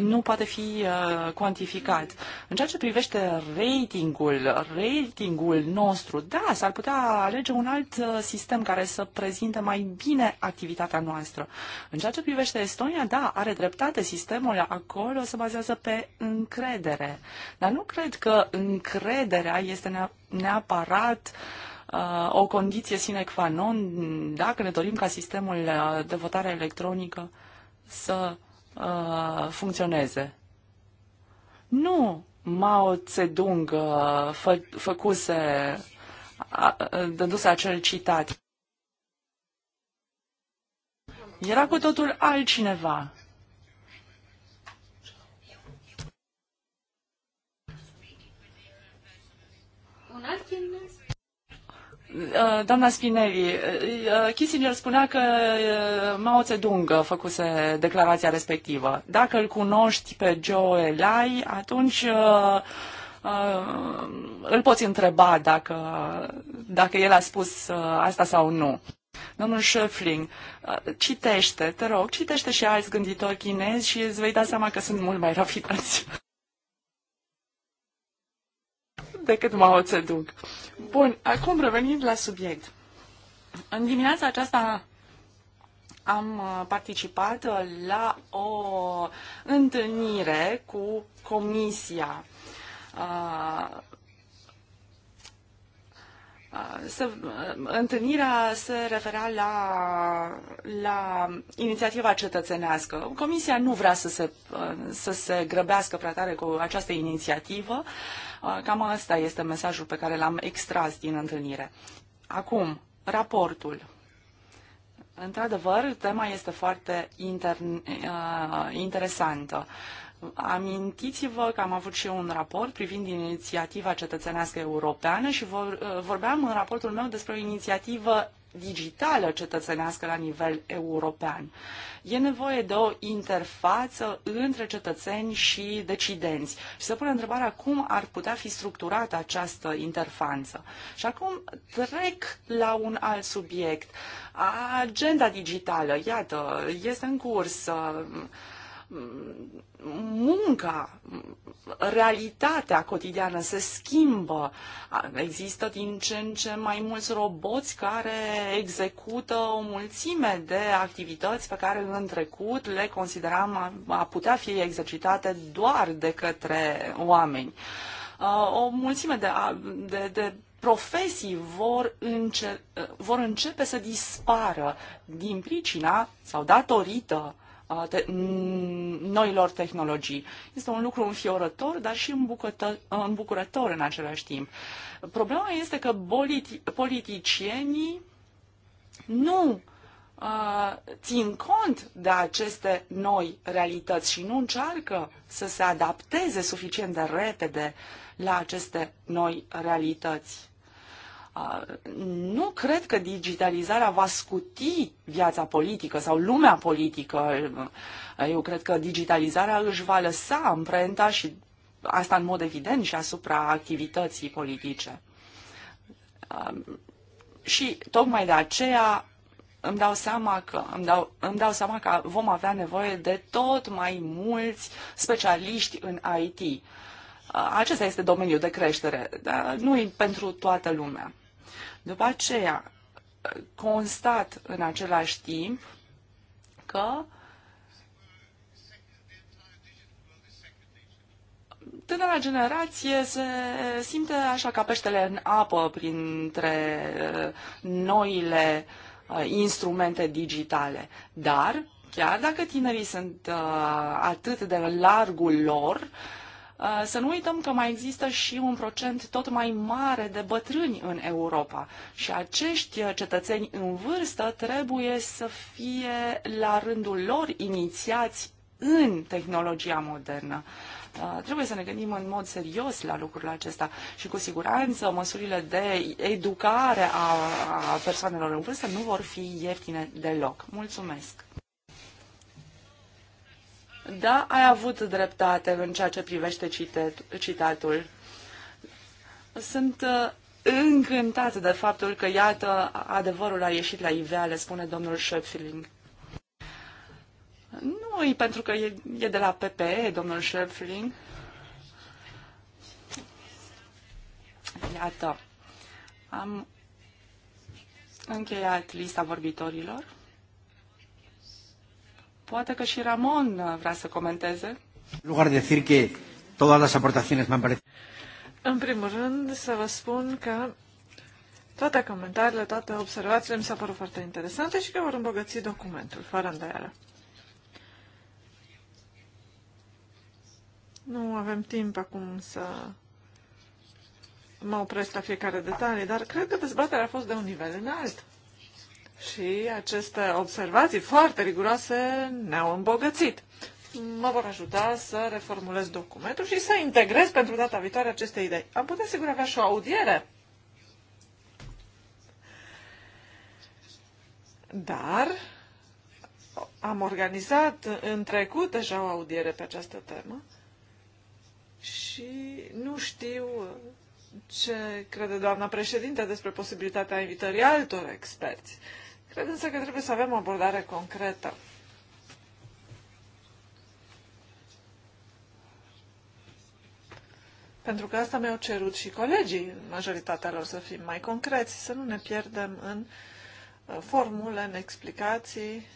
nu poate fi uh, cuantificat. În ceea ce privește ratingul, ratingul nostru, da, s-ar putea alege un alt uh, sistem care să prezinte mai bine activitatea noastră. În ceea ce privește Estonia, da, are dreptate, sistemul acolo se bazează pe încredere. Dar nu cred că încrederea este neapărat o condiție sine qua non dacă ne dorim ca sistemul de votare electronică să uh, funcționeze. Nu Mao Zedong uh, fă, făcuse, uh, dăduse acel citat. Era cu totul altcineva. Un alt Uh, doamna Spinelli, uh, uh, Kissinger spunea că Mao Zedong făcuse declarația respectivă. Dacă îl cunoști pe Joe Lai, atunci îl poți întreba dacă, dacă el a spus asta sau nu. Domnul Schöfling, citește, te rog, citește și alți gânditori chinezi și îți vei da seama că sunt mult mai rafinați decât Mao Zedong. Bun, acum revenind la subiect. În dimineața aceasta am uh, participat uh, la o întâlnire cu comisia uh, se, întâlnirea se referea la, la inițiativa cetățenească. Comisia nu vrea să se, să se grăbească prea tare cu această inițiativă. Uh, Cam asta este mesajul pe care l-am extras din întâlnire. Acum, raportul. Într-adevăr, tema este foarte inter- interesantă. Amintiți-vă că am avut și eu un raport privind inițiativa cetățenească europeană și vor, vorbeam în raportul meu despre o inițiativă digitală cetățenească la nivel european. E nevoie de o interfață între cetățeni și decidenți. Și se pune întrebarea cum ar putea fi structurată această interfață. Și acum trec la un alt subiect. Agenda digitală, iată, este în curs uh, munca, realitatea cotidiană se schimbă. Există din ce în ce mai mulți roboți care execută o mulțime de activități pe care în trecut le consideram a, a putea fi exercitate doar de către oameni. Uh, o mulțime de, de, de profesii vor, înce- uh, vor începe să dispară din pricina sau datorită te- noilor tehnologii. Este un lucru înfiorător, dar și îmbucurător în același timp. Problema este că politi- politicienii nu țin cont de aceste noi realități și nu încearcă să se adapteze suficient de repede la aceste noi realități nu cred că digitalizarea va scuti viața politică sau lumea politică. Eu cred că digitalizarea își va lăsa amprenta și asta în mod evident și asupra activității politice. Și tocmai de aceea îmi dau seama că, îmi dau, îmi dau seama că vom avea nevoie de tot mai mulți specialiști în IT. Acesta este domeniul de creștere, dar nu pentru toată lumea. După aceea, constat în același timp că tânăra generație se simte așa ca peștele în apă printre uh, noile uh, instrumente digitale. Dar, chiar dacă tinerii sunt uh, atât de largul lor, Uh, să nu uităm că mai există și un procent tot mai mare de bătrâni în Europa și acești uh, cetățeni în vârstă trebuie să fie la rândul lor inițiați în tehnologia modernă. Uh, trebuie să ne gândim în mod serios la lucrurile acesta și cu siguranță măsurile de educare a, a persoanelor în vârstă nu vor fi ieftine deloc. Mulțumesc! Da, ai avut dreptate în ceea ce privește citatul. Sunt uh, încântat de faptul că, iată, adevărul a ieșit la iveale, spune domnul Schöpfling. Nu, e pentru că e, e de la PPE, domnul Schöpfling. Iată, am încheiat lista vorbitorilor. Poate că și Ramon vrea să comenteze.
În loc de decir que
todas las aportaciones me han parecido...
În primul rând, să vă spun că
toate comentariile, toate observațiile mi s-au părut foarte interesante și că vor îmbogăți documentul, fără îndoială. Nu avem timp acum să mă opresc la fiecare detaliu, dar cred că dezbaterea a fost de un nivel înalt. Și aceste observații foarte riguroase ne-au îmbogățit. Mă vor ajuta să reformulez documentul și să integrez pentru data viitoare aceste idei. Am putea sigur avea și o audiere. Dar am organizat în trecut deja o audiere pe această temă și nu știu ce crede doamna președinte despre posibilitatea invitării altor experți. Uh, Cred însă că trebuie să avem o abordare concretă. Pentru că asta mi-au cerut și colegii, majoritatea lor, să fim mai concreți, să nu ne pierdem în uh, formule, în explicații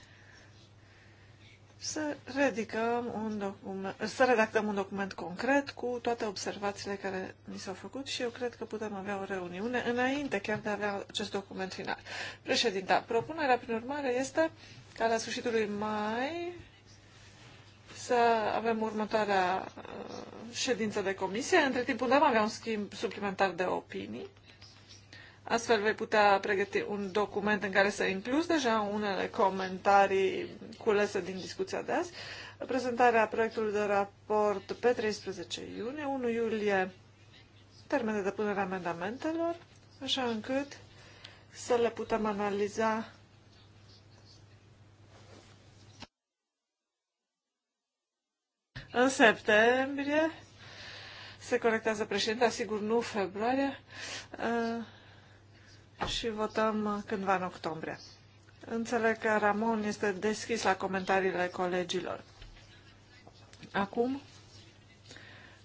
să, redicăm un document, să redactăm un document concret cu toate observațiile care ni s-au făcut și eu cred că putem avea o reuniune înainte chiar de a avea acest document final. Președinta, propunerea prin urmare este ca la sfârșitul lui mai să avem următoarea uh, ședință de comisie. Între timp putem avea un schimb suplimentar de opinii Astfel vei putea pregăti un document în care să incluzi deja unele comentarii culese din discuția de azi. Prezentarea proiectului de raport pe 13 iunie, 1 iulie termen de depunere amendamentelor, așa încât să le putem analiza în septembrie. Se corectează președinte, sigur nu februarie. Uh, și votăm cândva în octombrie. Înțeleg că Ramon este deschis la comentariile colegilor. Acum,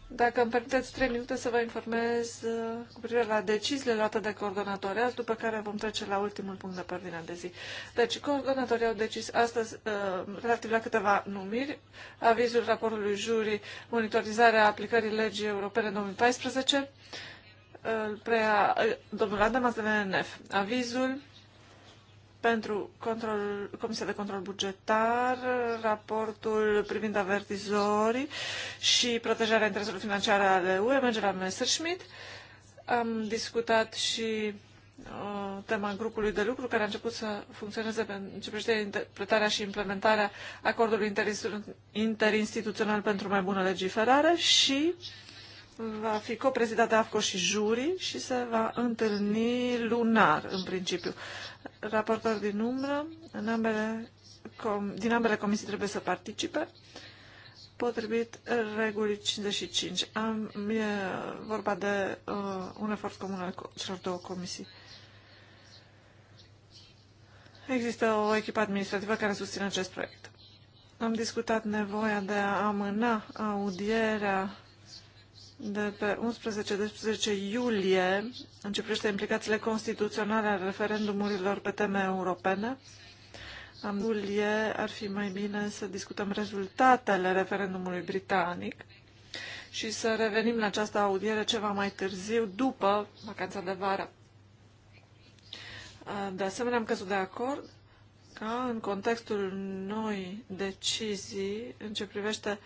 dacă îmi permiteți trei minute să vă informez uh, cu privire la deciziile luate de coordonatori azi, după care vom trece la ultimul punct de pe de zi. Deci, coordonatorii au decis astăzi, uh, relativ la câteva numiri, avizul raportului jurii, monitorizarea aplicării legii europene 2014, îl preia domnul Adam de VNF. Avizul pentru control, Comisia de Control Bugetar, raportul privind avertizorii și protejarea intereselor financiare ale UE, merge la Messerschmitt. Am discutat și uh, tema grupului de lucru care a început să funcționeze pentru ce interpretarea și implementarea acordului interinstituțional pentru mai bună legiferare și va fi coprezidată AFCO și juri și se va întâlni lunar, în principiu. Raportori din umbră, în ambele, com, din ambele comisii trebuie să participe, potrivit regulii 55. Am, e vorba de uh, un efort comun al celor două comisii. Există o echipă administrativă care susține acest proiect. Am discutat nevoia de a amâna audierea de pe 11-12 iulie în ce privește implicațiile constituționale ale referendumurilor pe teme europene. În iulie ar fi mai bine să discutăm rezultatele referendumului britanic și să revenim la această audiere ceva mai târziu, după vacanța de vară. De asemenea, am căzut de acord ca în contextul noi decizii în ce privește uh,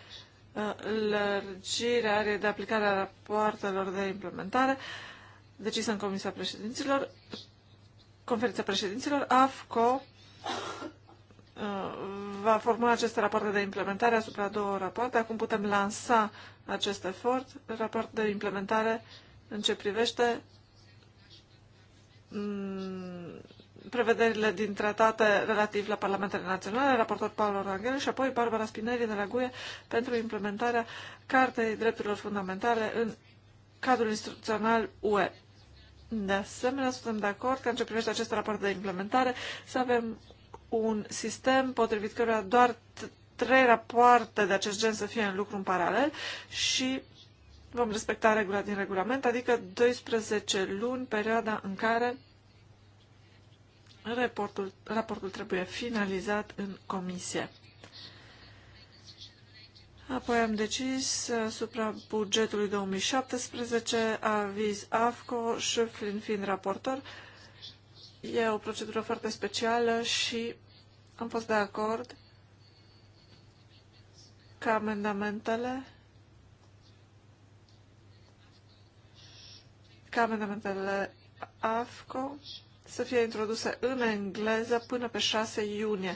lărgirea are de aplicare a rapoartelor de implementare decisă în Comisia Președinților, Conferința Președinților, AFCO uh, va formula aceste rapoarte de implementare asupra două rapoarte. Acum putem lansa acest efort, raport de implementare în ce privește mm, prevederile din tratate relativ la Parlamentele Naționale, raportor Paolo Rangel și apoi Barbara Spinelli de la GUE pentru implementarea Cartei Drepturilor Fundamentale în cadrul instituțional UE. De asemenea, suntem de acord că în ce privește acest raport de implementare să avem un sistem potrivit căruia doar trei rapoarte de acest gen să fie în lucru în paralel și vom respecta regula din regulament, adică 12 luni, perioada în care Raportul, raportul trebuie finalizat în comisie. Apoi am decis uh, asupra bugetului 2017, aviz AFCO, Șeflin fiind raportor. E o procedură foarte specială și am fost de acord ca amendamentele ca amendamentele AFCO să fie introduse în engleză până pe 6 iunie,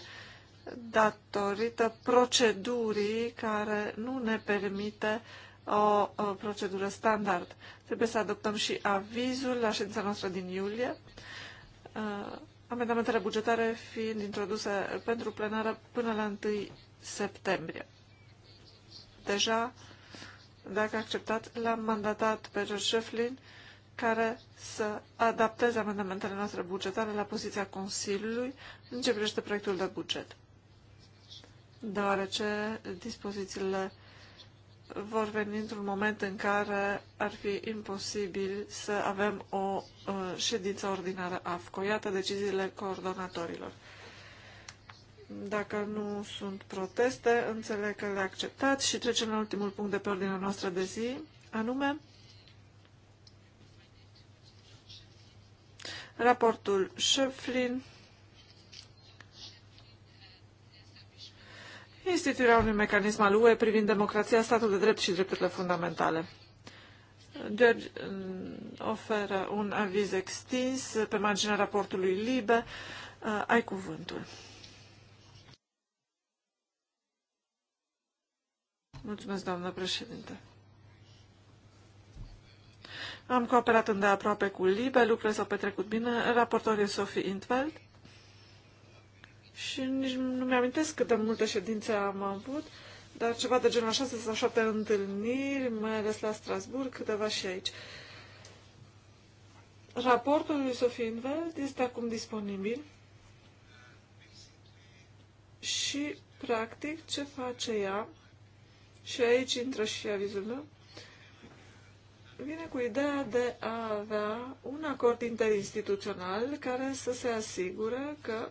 datorită procedurii care nu ne permite o, o procedură standard. Trebuie să adoptăm și avizul la ședința noastră din iulie, uh, amendamentele bugetare fiind introduse pentru plenară până la 1 septembrie. Deja, dacă acceptat, l-am mandatat pe George Shefflin uh, care să adapteze amendamentele noastre bugetare la poziția Consiliului în ce privește proiectul de buget. Deoarece dispozițiile vor veni într-un moment în care ar fi imposibil să avem o uh, ședință ordinară AFCO. Iată deciziile coordonatorilor. Dacă nu sunt proteste, înțeleg că le acceptați și trecem la ultimul punct de pe ordinea noastră de zi, anume raportul Schöpflin, instituirea unui mecanism al UE privind democrația, statul de drept și drepturile fundamentale. George mm, oferă un aviz extins pe marginea raportului LIBE. Uh, ai cuvântul. Mulțumesc, doamnă președinte. Am cooperat îndeaproape cu Libe, lucrurile s-au petrecut bine, raportor e Sophie Intveld și nici nu mi-amintesc cât de multe ședințe am avut, dar ceva de genul 6 sau 7 întâlniri, mai ales la Strasburg, câteva și aici. Raportul lui Sophie Inveld este acum disponibil și, practic, ce face ea, și aici intră și avizul meu, vine cu ideea de a avea un acord interinstituțional care să se asigure că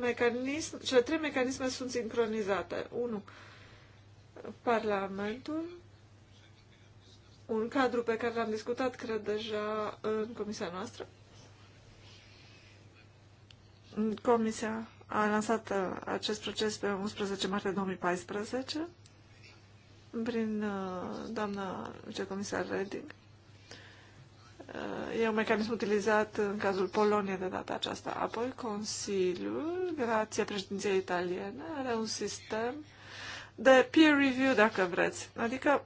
mecanism, cele trei mecanisme sunt sincronizate. Unu, Parlamentul, un cadru pe care l-am discutat, cred, deja în comisia noastră. Comisia a lansat uh, acest proces pe 11 martie 2014 prin uh, doamna vicecomisar Reding. Uh, e un mecanism utilizat în cazul Poloniei de data aceasta. Apoi Consiliul, grație președinției italiene, are un sistem de peer review, dacă vreți, adică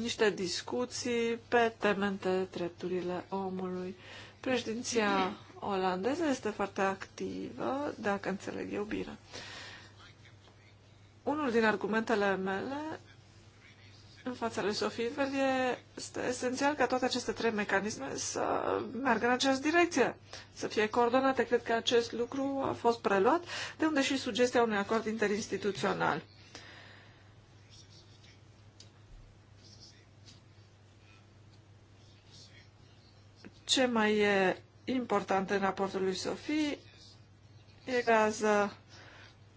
niște discuții pe temente drepturile omului. Președinția olandeză este foarte activă, dacă înțeleg eu bine. Unul din argumentele mele în fața lui Sofie Velie, este esențial ca toate aceste trei mecanisme să meargă în această direcție, să fie coordonate. Cred că acest lucru a fost preluat, de unde și sugestia unui acord interinstituțional. Ce mai e important în raportul lui Sofie e creează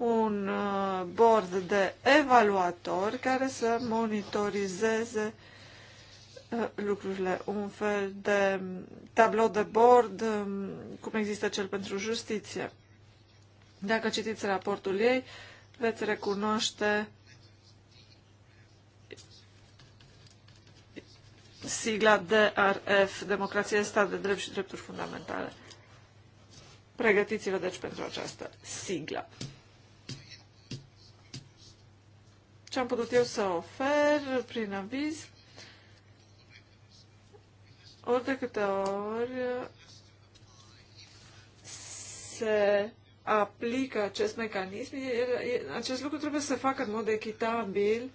un uh, board de evaluator care să monitorizeze uh, lucrurile, un fel de tablou de bord, um, cum există cel pentru justiție. Dacă citiți raportul ei, veți recunoaște sigla DRF, Democrație, Stat de Drept și Drepturi Fundamentale. Pregătiți-vă, deci, pentru această sigla. ce am putut eu să ofer prin aviz. Ori de câte ori se aplică acest mecanism, acest lucru trebuie să se facă în mod echitabil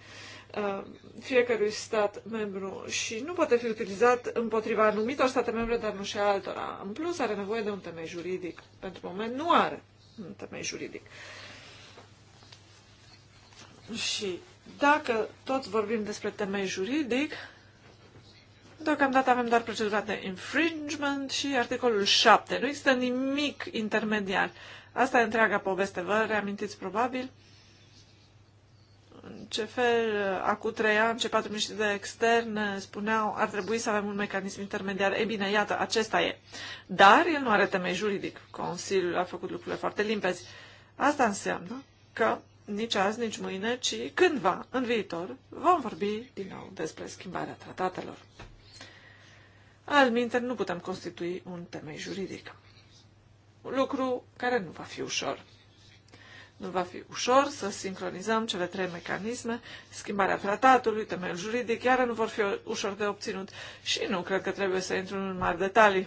uh, fiecărui stat membru și nu poate fi utilizat împotriva anumitor state membre, dar nu și altora. În plus, are nevoie de un temei juridic. Pentru moment nu are un temei juridic. Uh, și dacă tot vorbim despre temei juridic, deocamdată avem doar procedura de infringement și articolul 7. Nu există nimic intermediar. Asta e întreaga poveste. Vă reamintiți probabil în ce fel, acum trei ani, ce patru miniștri de externe spuneau ar trebui să avem un mecanism intermediar. E bine, iată, acesta e. Dar el nu are temei juridic. Consiliul a făcut lucrurile foarte limpezi. Asta înseamnă că nici azi, nici mâine, ci cândva, în viitor, vom vorbi din nou despre schimbarea tratatelor. Alminter, nu putem constitui un temei juridic. Un lucru care nu va fi ușor. Nu va fi ușor să sincronizăm cele trei mecanisme, schimbarea tratatului, temeiul juridic, iar nu vor fi ușor de obținut și nu cred că trebuie să intru în mari detalii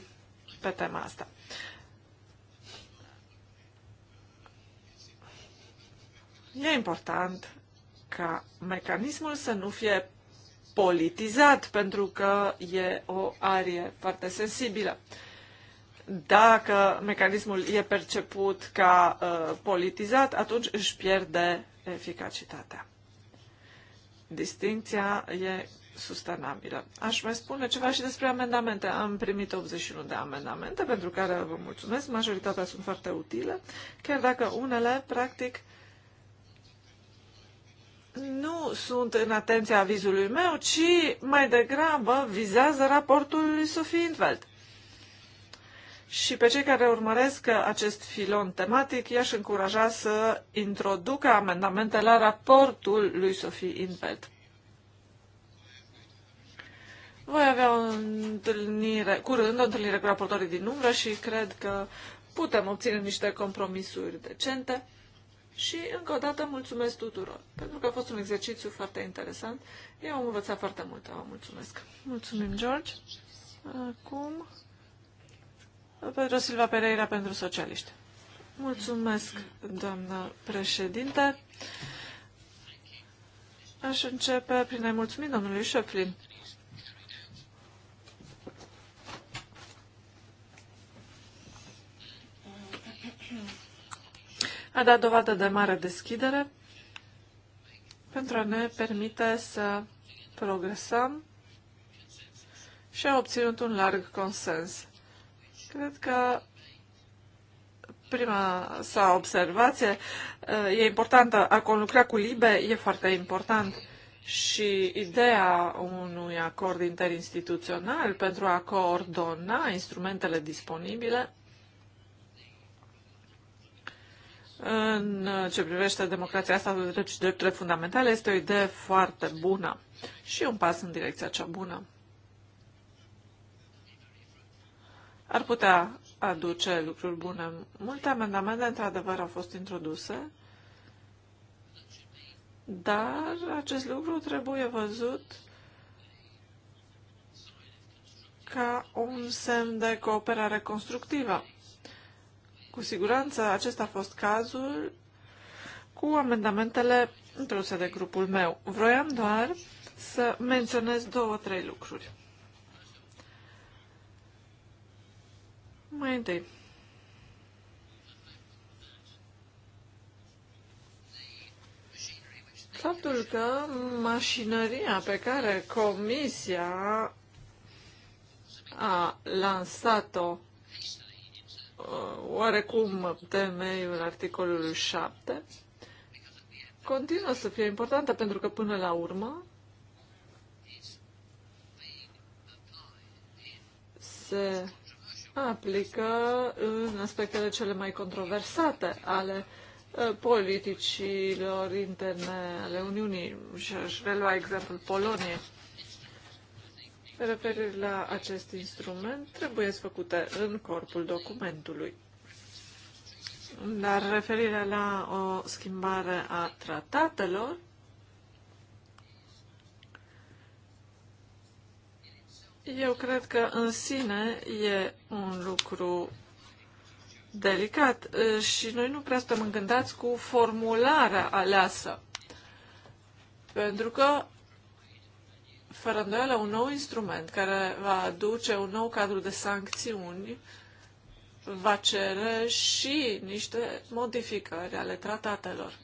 pe tema asta. E important ca mecanismul să nu fie politizat, pentru că e o arie foarte sensibilă. Dacă mecanismul e perceput ca uh, politizat, atunci își pierde eficacitatea. Distinția e sustenabilă. Aș mai spune ceva și despre amendamente. Am primit 81 de amendamente, pentru care vă mulțumesc. Majoritatea sunt foarte utile, chiar dacă unele, practic, uh, nu sunt în atenția avizului meu, ci mai degrabă vizează raportul lui Sophie Intveld. Și pe cei care urmăresc acest filon tematic, i-aș încuraja să introducă amendamente la raportul lui Sophie Invelt. Voi avea o întâlnire, curând o întâlnire cu raportorii din umbră și cred că putem obține niște compromisuri decente și, încă o dată, mulțumesc tuturor, pentru că a fost un exercițiu foarte interesant. Eu am învățat foarte mult. Vă mulțumesc. Mulțumim, George. Acum, Pedro Silva Pereira pentru socialiști. Mulțumesc, doamnă președinte. Aș începe prin a-i mulțumi domnului Șeflin a dat dovadă de mare deschidere pentru a ne permite să progresăm și a obținut un larg consens. Cred că prima sa observație e importantă. A conlucra cu LIBE e foarte important și ideea unui acord interinstituțional pentru a coordona instrumentele disponibile în uh, ce privește democrația, asta, de drept și drepturile fundamentale, este o idee foarte bună și un pas în direcția cea bună. Ar putea aduce lucruri bune. Multe amendamente, într-adevăr, au fost introduse, dar acest lucru trebuie văzut ca un semn de cooperare constructivă cu siguranță acesta a fost cazul cu amendamentele introduse de grupul meu. Vroiam doar să menționez două, trei lucruri. Mai întâi. Faptul că mașinăria pe care Comisia a lansat-o Uh, oarecum temeiul articolului 7 continuă să fie importantă pentru că până la urmă se aplică în aspectele cele mai controversate ale uh, politicilor interne ale Uniunii. Și aș relua exemplul Poloniei. Referiri la acest instrument trebuie făcute în corpul documentului. Dar referirea la o schimbare a tratatelor Eu cred că în sine e un lucru delicat și noi nu prea suntem îngândați cu formularea aleasă. Pentru că fără îndoială, un nou instrument care va aduce un nou cadru de sancțiuni, va cere și niște modificări ale tratatelor.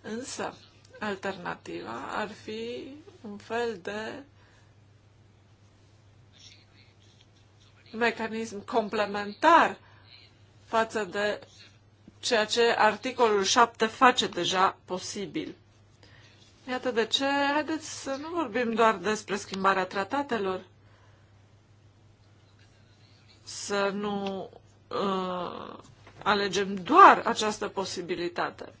Însă, alternativa ar fi un fel de mecanism complementar față de ceea ce articolul 7 face deja posibil. Iată de ce, haideți să nu vorbim doar despre schimbarea tratatelor, să nu uh, alegem doar această posibilitate,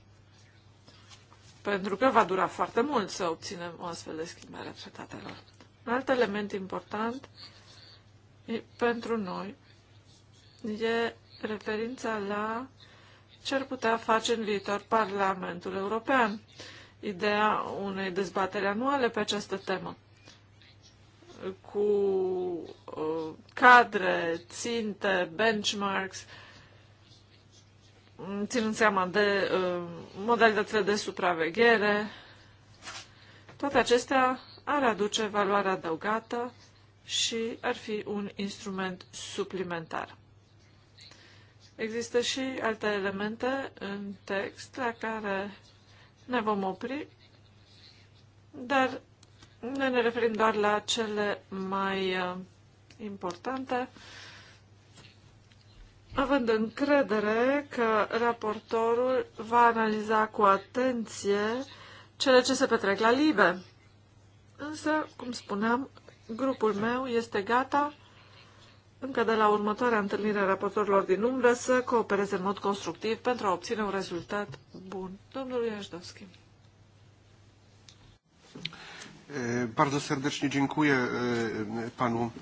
pentru că va dura foarte mult să obținem o astfel de schimbare a tratatelor. Un alt element important pentru noi e referința la ce ar putea face în viitor Parlamentul European ideea unei dezbateri anuale pe această temă cu uh, cadre, ținte, benchmarks, ținând seama de uh, modalitățile de supraveghere. Toate acestea ar aduce valoare adăugată și ar fi un instrument suplimentar. Există și alte elemente în text la care ne vom opri, dar noi ne referim doar la cele mai uh, importante, având încredere că raportorul va analiza cu atenție cele ce se petrec la libe. Însă, cum spuneam, grupul meu este gata încă de la următoarea întâlnire a raportorilor din umbră să coopereze în mod constructiv pentru a obține un rezultat bun. Domnul Iașdowski.
Bardzo serdecznie dziękuję panu.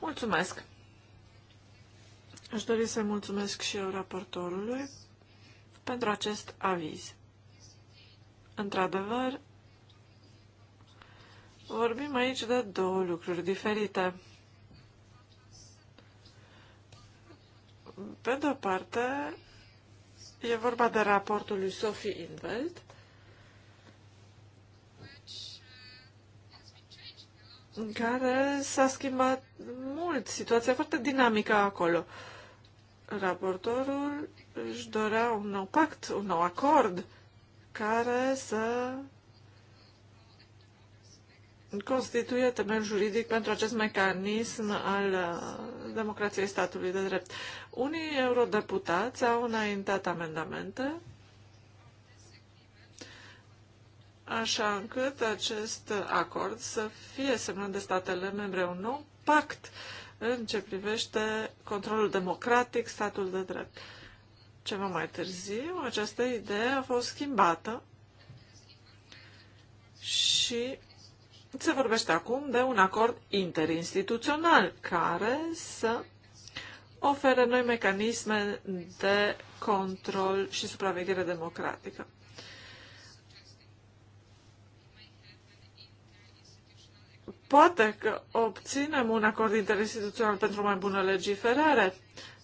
Mulțumesc. Aș dori să mulțumesc și eu raportorului pentru acest aviz. Într-adevăr, vorbim aici de două lucruri diferite. Pe de-o parte, e vorba de raportul lui Sophie Inveld, în care s-a schimbat mult situația, foarte dinamică acolo. Raportorul își dorea un nou pact, un nou acord care să constituie temel juridic pentru acest mecanism al uh, democrației statului de drept. Unii eurodeputați au înaintat amendamente așa încât acest acord să fie semnat de statele membre un nou pact în ce privește controlul democratic, statul de drept. Ceva mai târziu, această idee a fost schimbată și se vorbește acum de un acord interinstituțional care să ofere noi mecanisme de control și supraveghere democratică. Poate că obținem un acord interinstituțional pentru mai bună legiferare,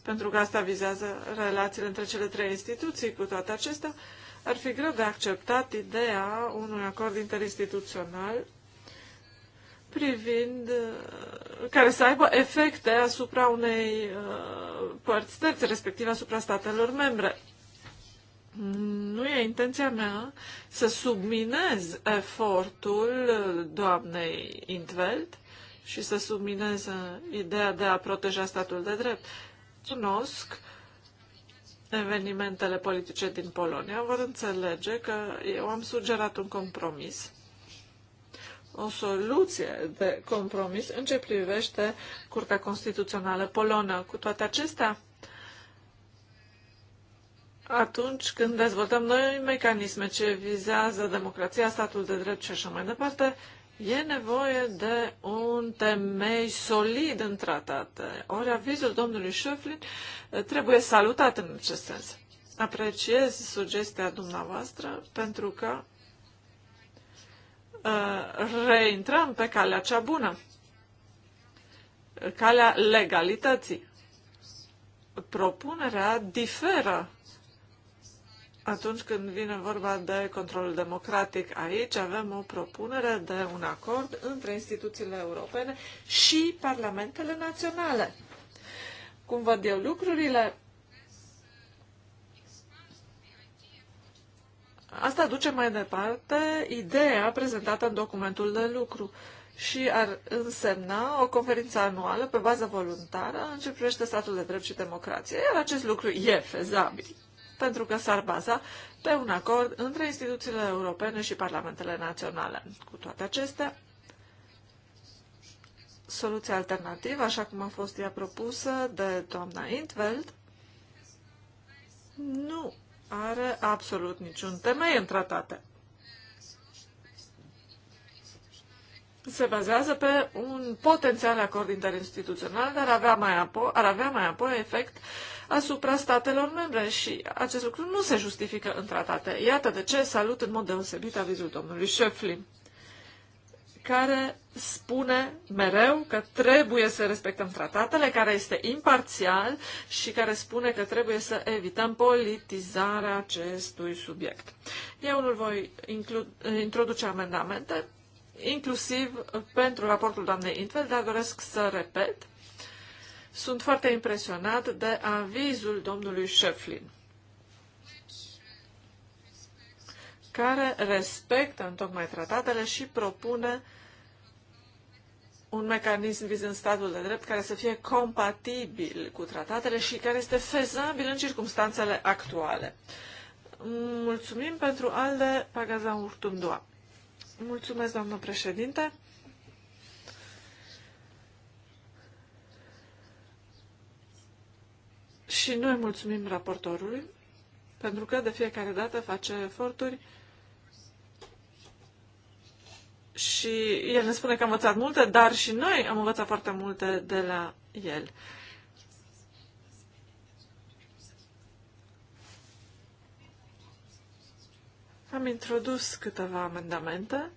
pentru că asta vizează relațiile între cele trei instituții. Cu toate acestea, ar fi greu de acceptat ideea unui acord interinstituțional privind uh, care să aibă efecte asupra unei uh, părți terțe, respectiv asupra statelor membre. Nu e intenția mea să subminez efortul doamnei Intveld și să subminez uh, ideea de a proteja statul de drept. Cunosc evenimentele politice din Polonia, vor înțelege că eu am sugerat un compromis o soluție de compromis în ce privește Curtea Constituțională Polonă. Cu toate acestea, atunci când dezvoltăm noi mecanisme ce vizează democrația, statul de drept și așa mai departe, e nevoie de un temei solid în tratate. Ori avizul domnului Șeflin eh, trebuie salutat în acest sens. Apreciez sugestia dumneavoastră pentru că Uh, reintrăm pe calea cea bună, calea legalității. Propunerea diferă atunci când vine vorba de controlul democratic. Aici avem o propunere de un acord între instituțiile europene și parlamentele naționale. Cum văd eu lucrurile, Asta duce mai departe ideea prezentată în documentul de lucru și ar însemna o conferință anuală pe bază voluntară în ce privește statul de drept și democrație, iar acest lucru e fezabil, pentru că s-ar baza pe un acord între instituțiile europene și parlamentele naționale. Cu toate acestea, soluția alternativă, așa cum a fost ea propusă de doamna Intveld, nu are absolut niciun temei în tratate. Se bazează pe un potențial acord interinstituțional, dar avea mai apoi, ar avea mai apoi efect asupra statelor membre și acest lucru nu se justifică în tratate. Iată de ce salut în mod deosebit avizul domnului Schöfflin care spune mereu că trebuie să respectăm tratatele, care este imparțial și care spune că trebuie să evităm politizarea acestui subiect. Eu nu voi introduce amendamente, inclusiv pentru raportul doamnei Intfeld, dar doresc să repet. Sunt foarte impresionat de avizul domnului Șeflin. care respectă întocmai tratatele și propune un mecanism vizând statul de drept care să fie compatibil cu tratatele și care este fezabil în circumstanțele actuale. Mulțumim pentru alde Pagaza Urtumdua. Mulțumesc, doamnă președinte. Și noi mulțumim raportorului, pentru că de fiecare dată face eforturi și el ne spune că a învățat multe, dar și noi am învățat foarte multe de la el. Am introdus câteva amendamente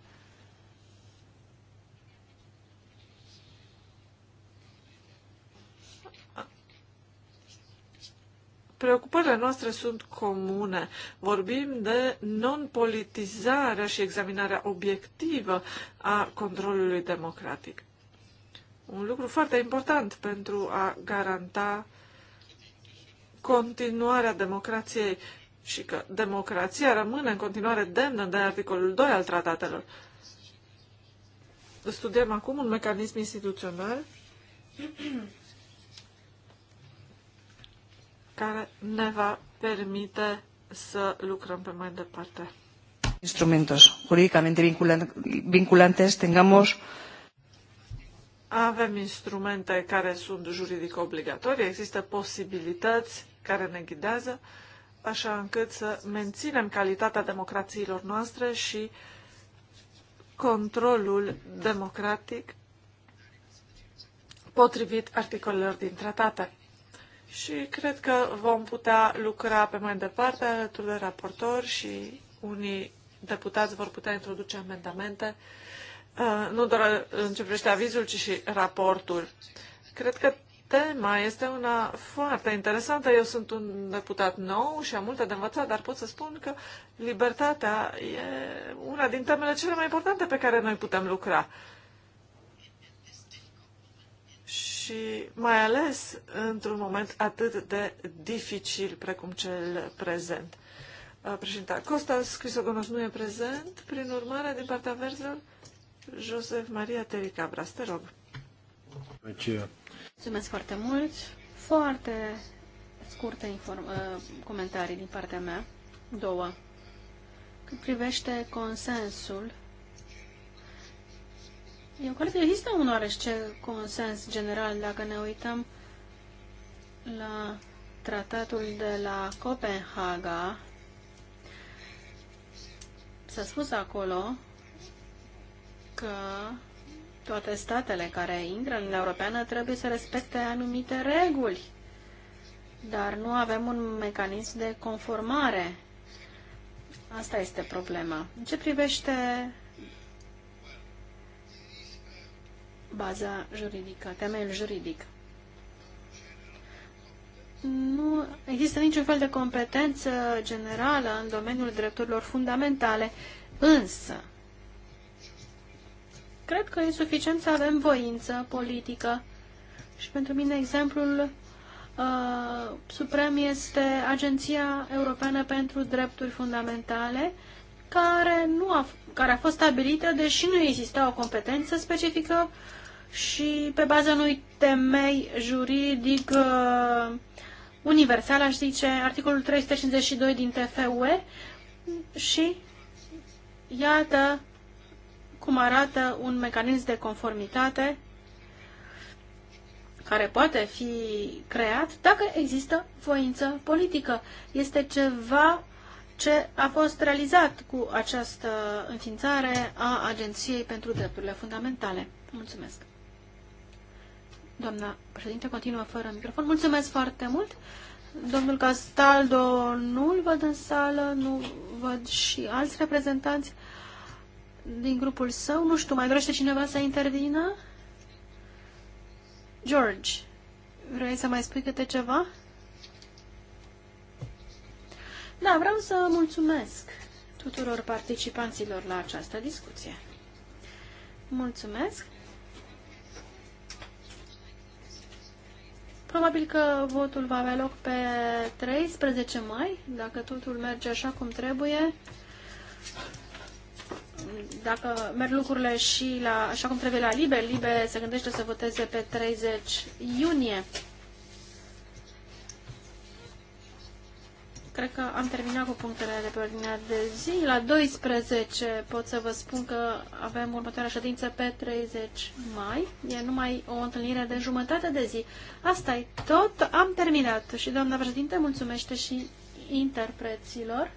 preocupările noastre sunt comune. Vorbim de non-politizarea și examinarea obiectivă a controlului democratic. Un lucru foarte important pentru a garanta continuarea democrației și că democrația rămâne în continuare demnă de articolul 2 al tratatelor. Studiem acum un mecanism instituțional care ne va permite să lucrăm pe mai departe. Instrumentos juridicamente vinculantes tengamos avem instrumente care sunt juridic obligatorii, există posibilități care ne ghidează, așa încât să menținem calitatea democrațiilor noastre și controlul democratic potrivit articolelor din tratate și cred că vom putea lucra pe mai departe alături de raportori și unii deputați vor putea introduce amendamente, uh, nu doar în ce privește avizul, ci și raportul. Cred că tema este una foarte interesantă. Eu sunt un deputat nou și am multe de învățat, dar pot să spun că libertatea e una din temele cele mai importante pe care noi putem lucra. și mai ales într-un moment atât de dificil precum cel prezent. Uh, Președinta Costas Crisogonos nu e prezent, prin urmare, din partea verzilor, Josef Maria Tericabras, te rog. Mulțumesc foarte mult.
Foarte scurte inform- uh, comentarii din partea mea, două. Cât privește consensul eu cred că există un oarește consens general dacă ne uităm la tratatul de la Copenhaga. S-a spus acolo că toate statele care intră în Uniunea Europeană trebuie să respecte anumite reguli, dar nu avem un mecanism de conformare. Asta este problema. În ce privește baza juridică, temeiul juridic. Nu există niciun fel de competență generală în domeniul drepturilor fundamentale, însă cred că e suficient să avem voință politică și pentru mine exemplul uh, suprem este Agenția Europeană pentru Drepturi Fundamentale, care, nu a, care a fost stabilită, deși nu exista o competență specifică și pe baza unui temei juridic uh, universal, aș zice, articolul 352 din TFUE și iată cum arată un mecanism de conformitate care poate fi creat dacă există voință politică. Este ceva ce a fost realizat cu această înființare a Agenției pentru Drepturile Fundamentale. Mulțumesc! Doamna președinte continuă fără microfon. Mulțumesc foarte mult. Domnul Castaldo nu-l văd în sală, nu văd și alți reprezentanți din grupul său. Nu știu, mai dorește cineva să intervină? George, vrei să mai spui câte ceva? Da, vreau să mulțumesc tuturor participanților la această discuție. Mulțumesc! Probabil că votul va avea loc pe 13 mai, dacă totul merge așa cum trebuie. Dacă merg lucrurile și la, așa cum trebuie la Libe, Libe se gândește să voteze pe 30 iunie. cred că am terminat cu punctele de pe ordinea de zi. La 12 pot să vă spun că avem următoarea ședință pe 30 mai. E numai o întâlnire de jumătate de zi. asta e tot. Am terminat. Și doamna președinte mulțumește și interpreților.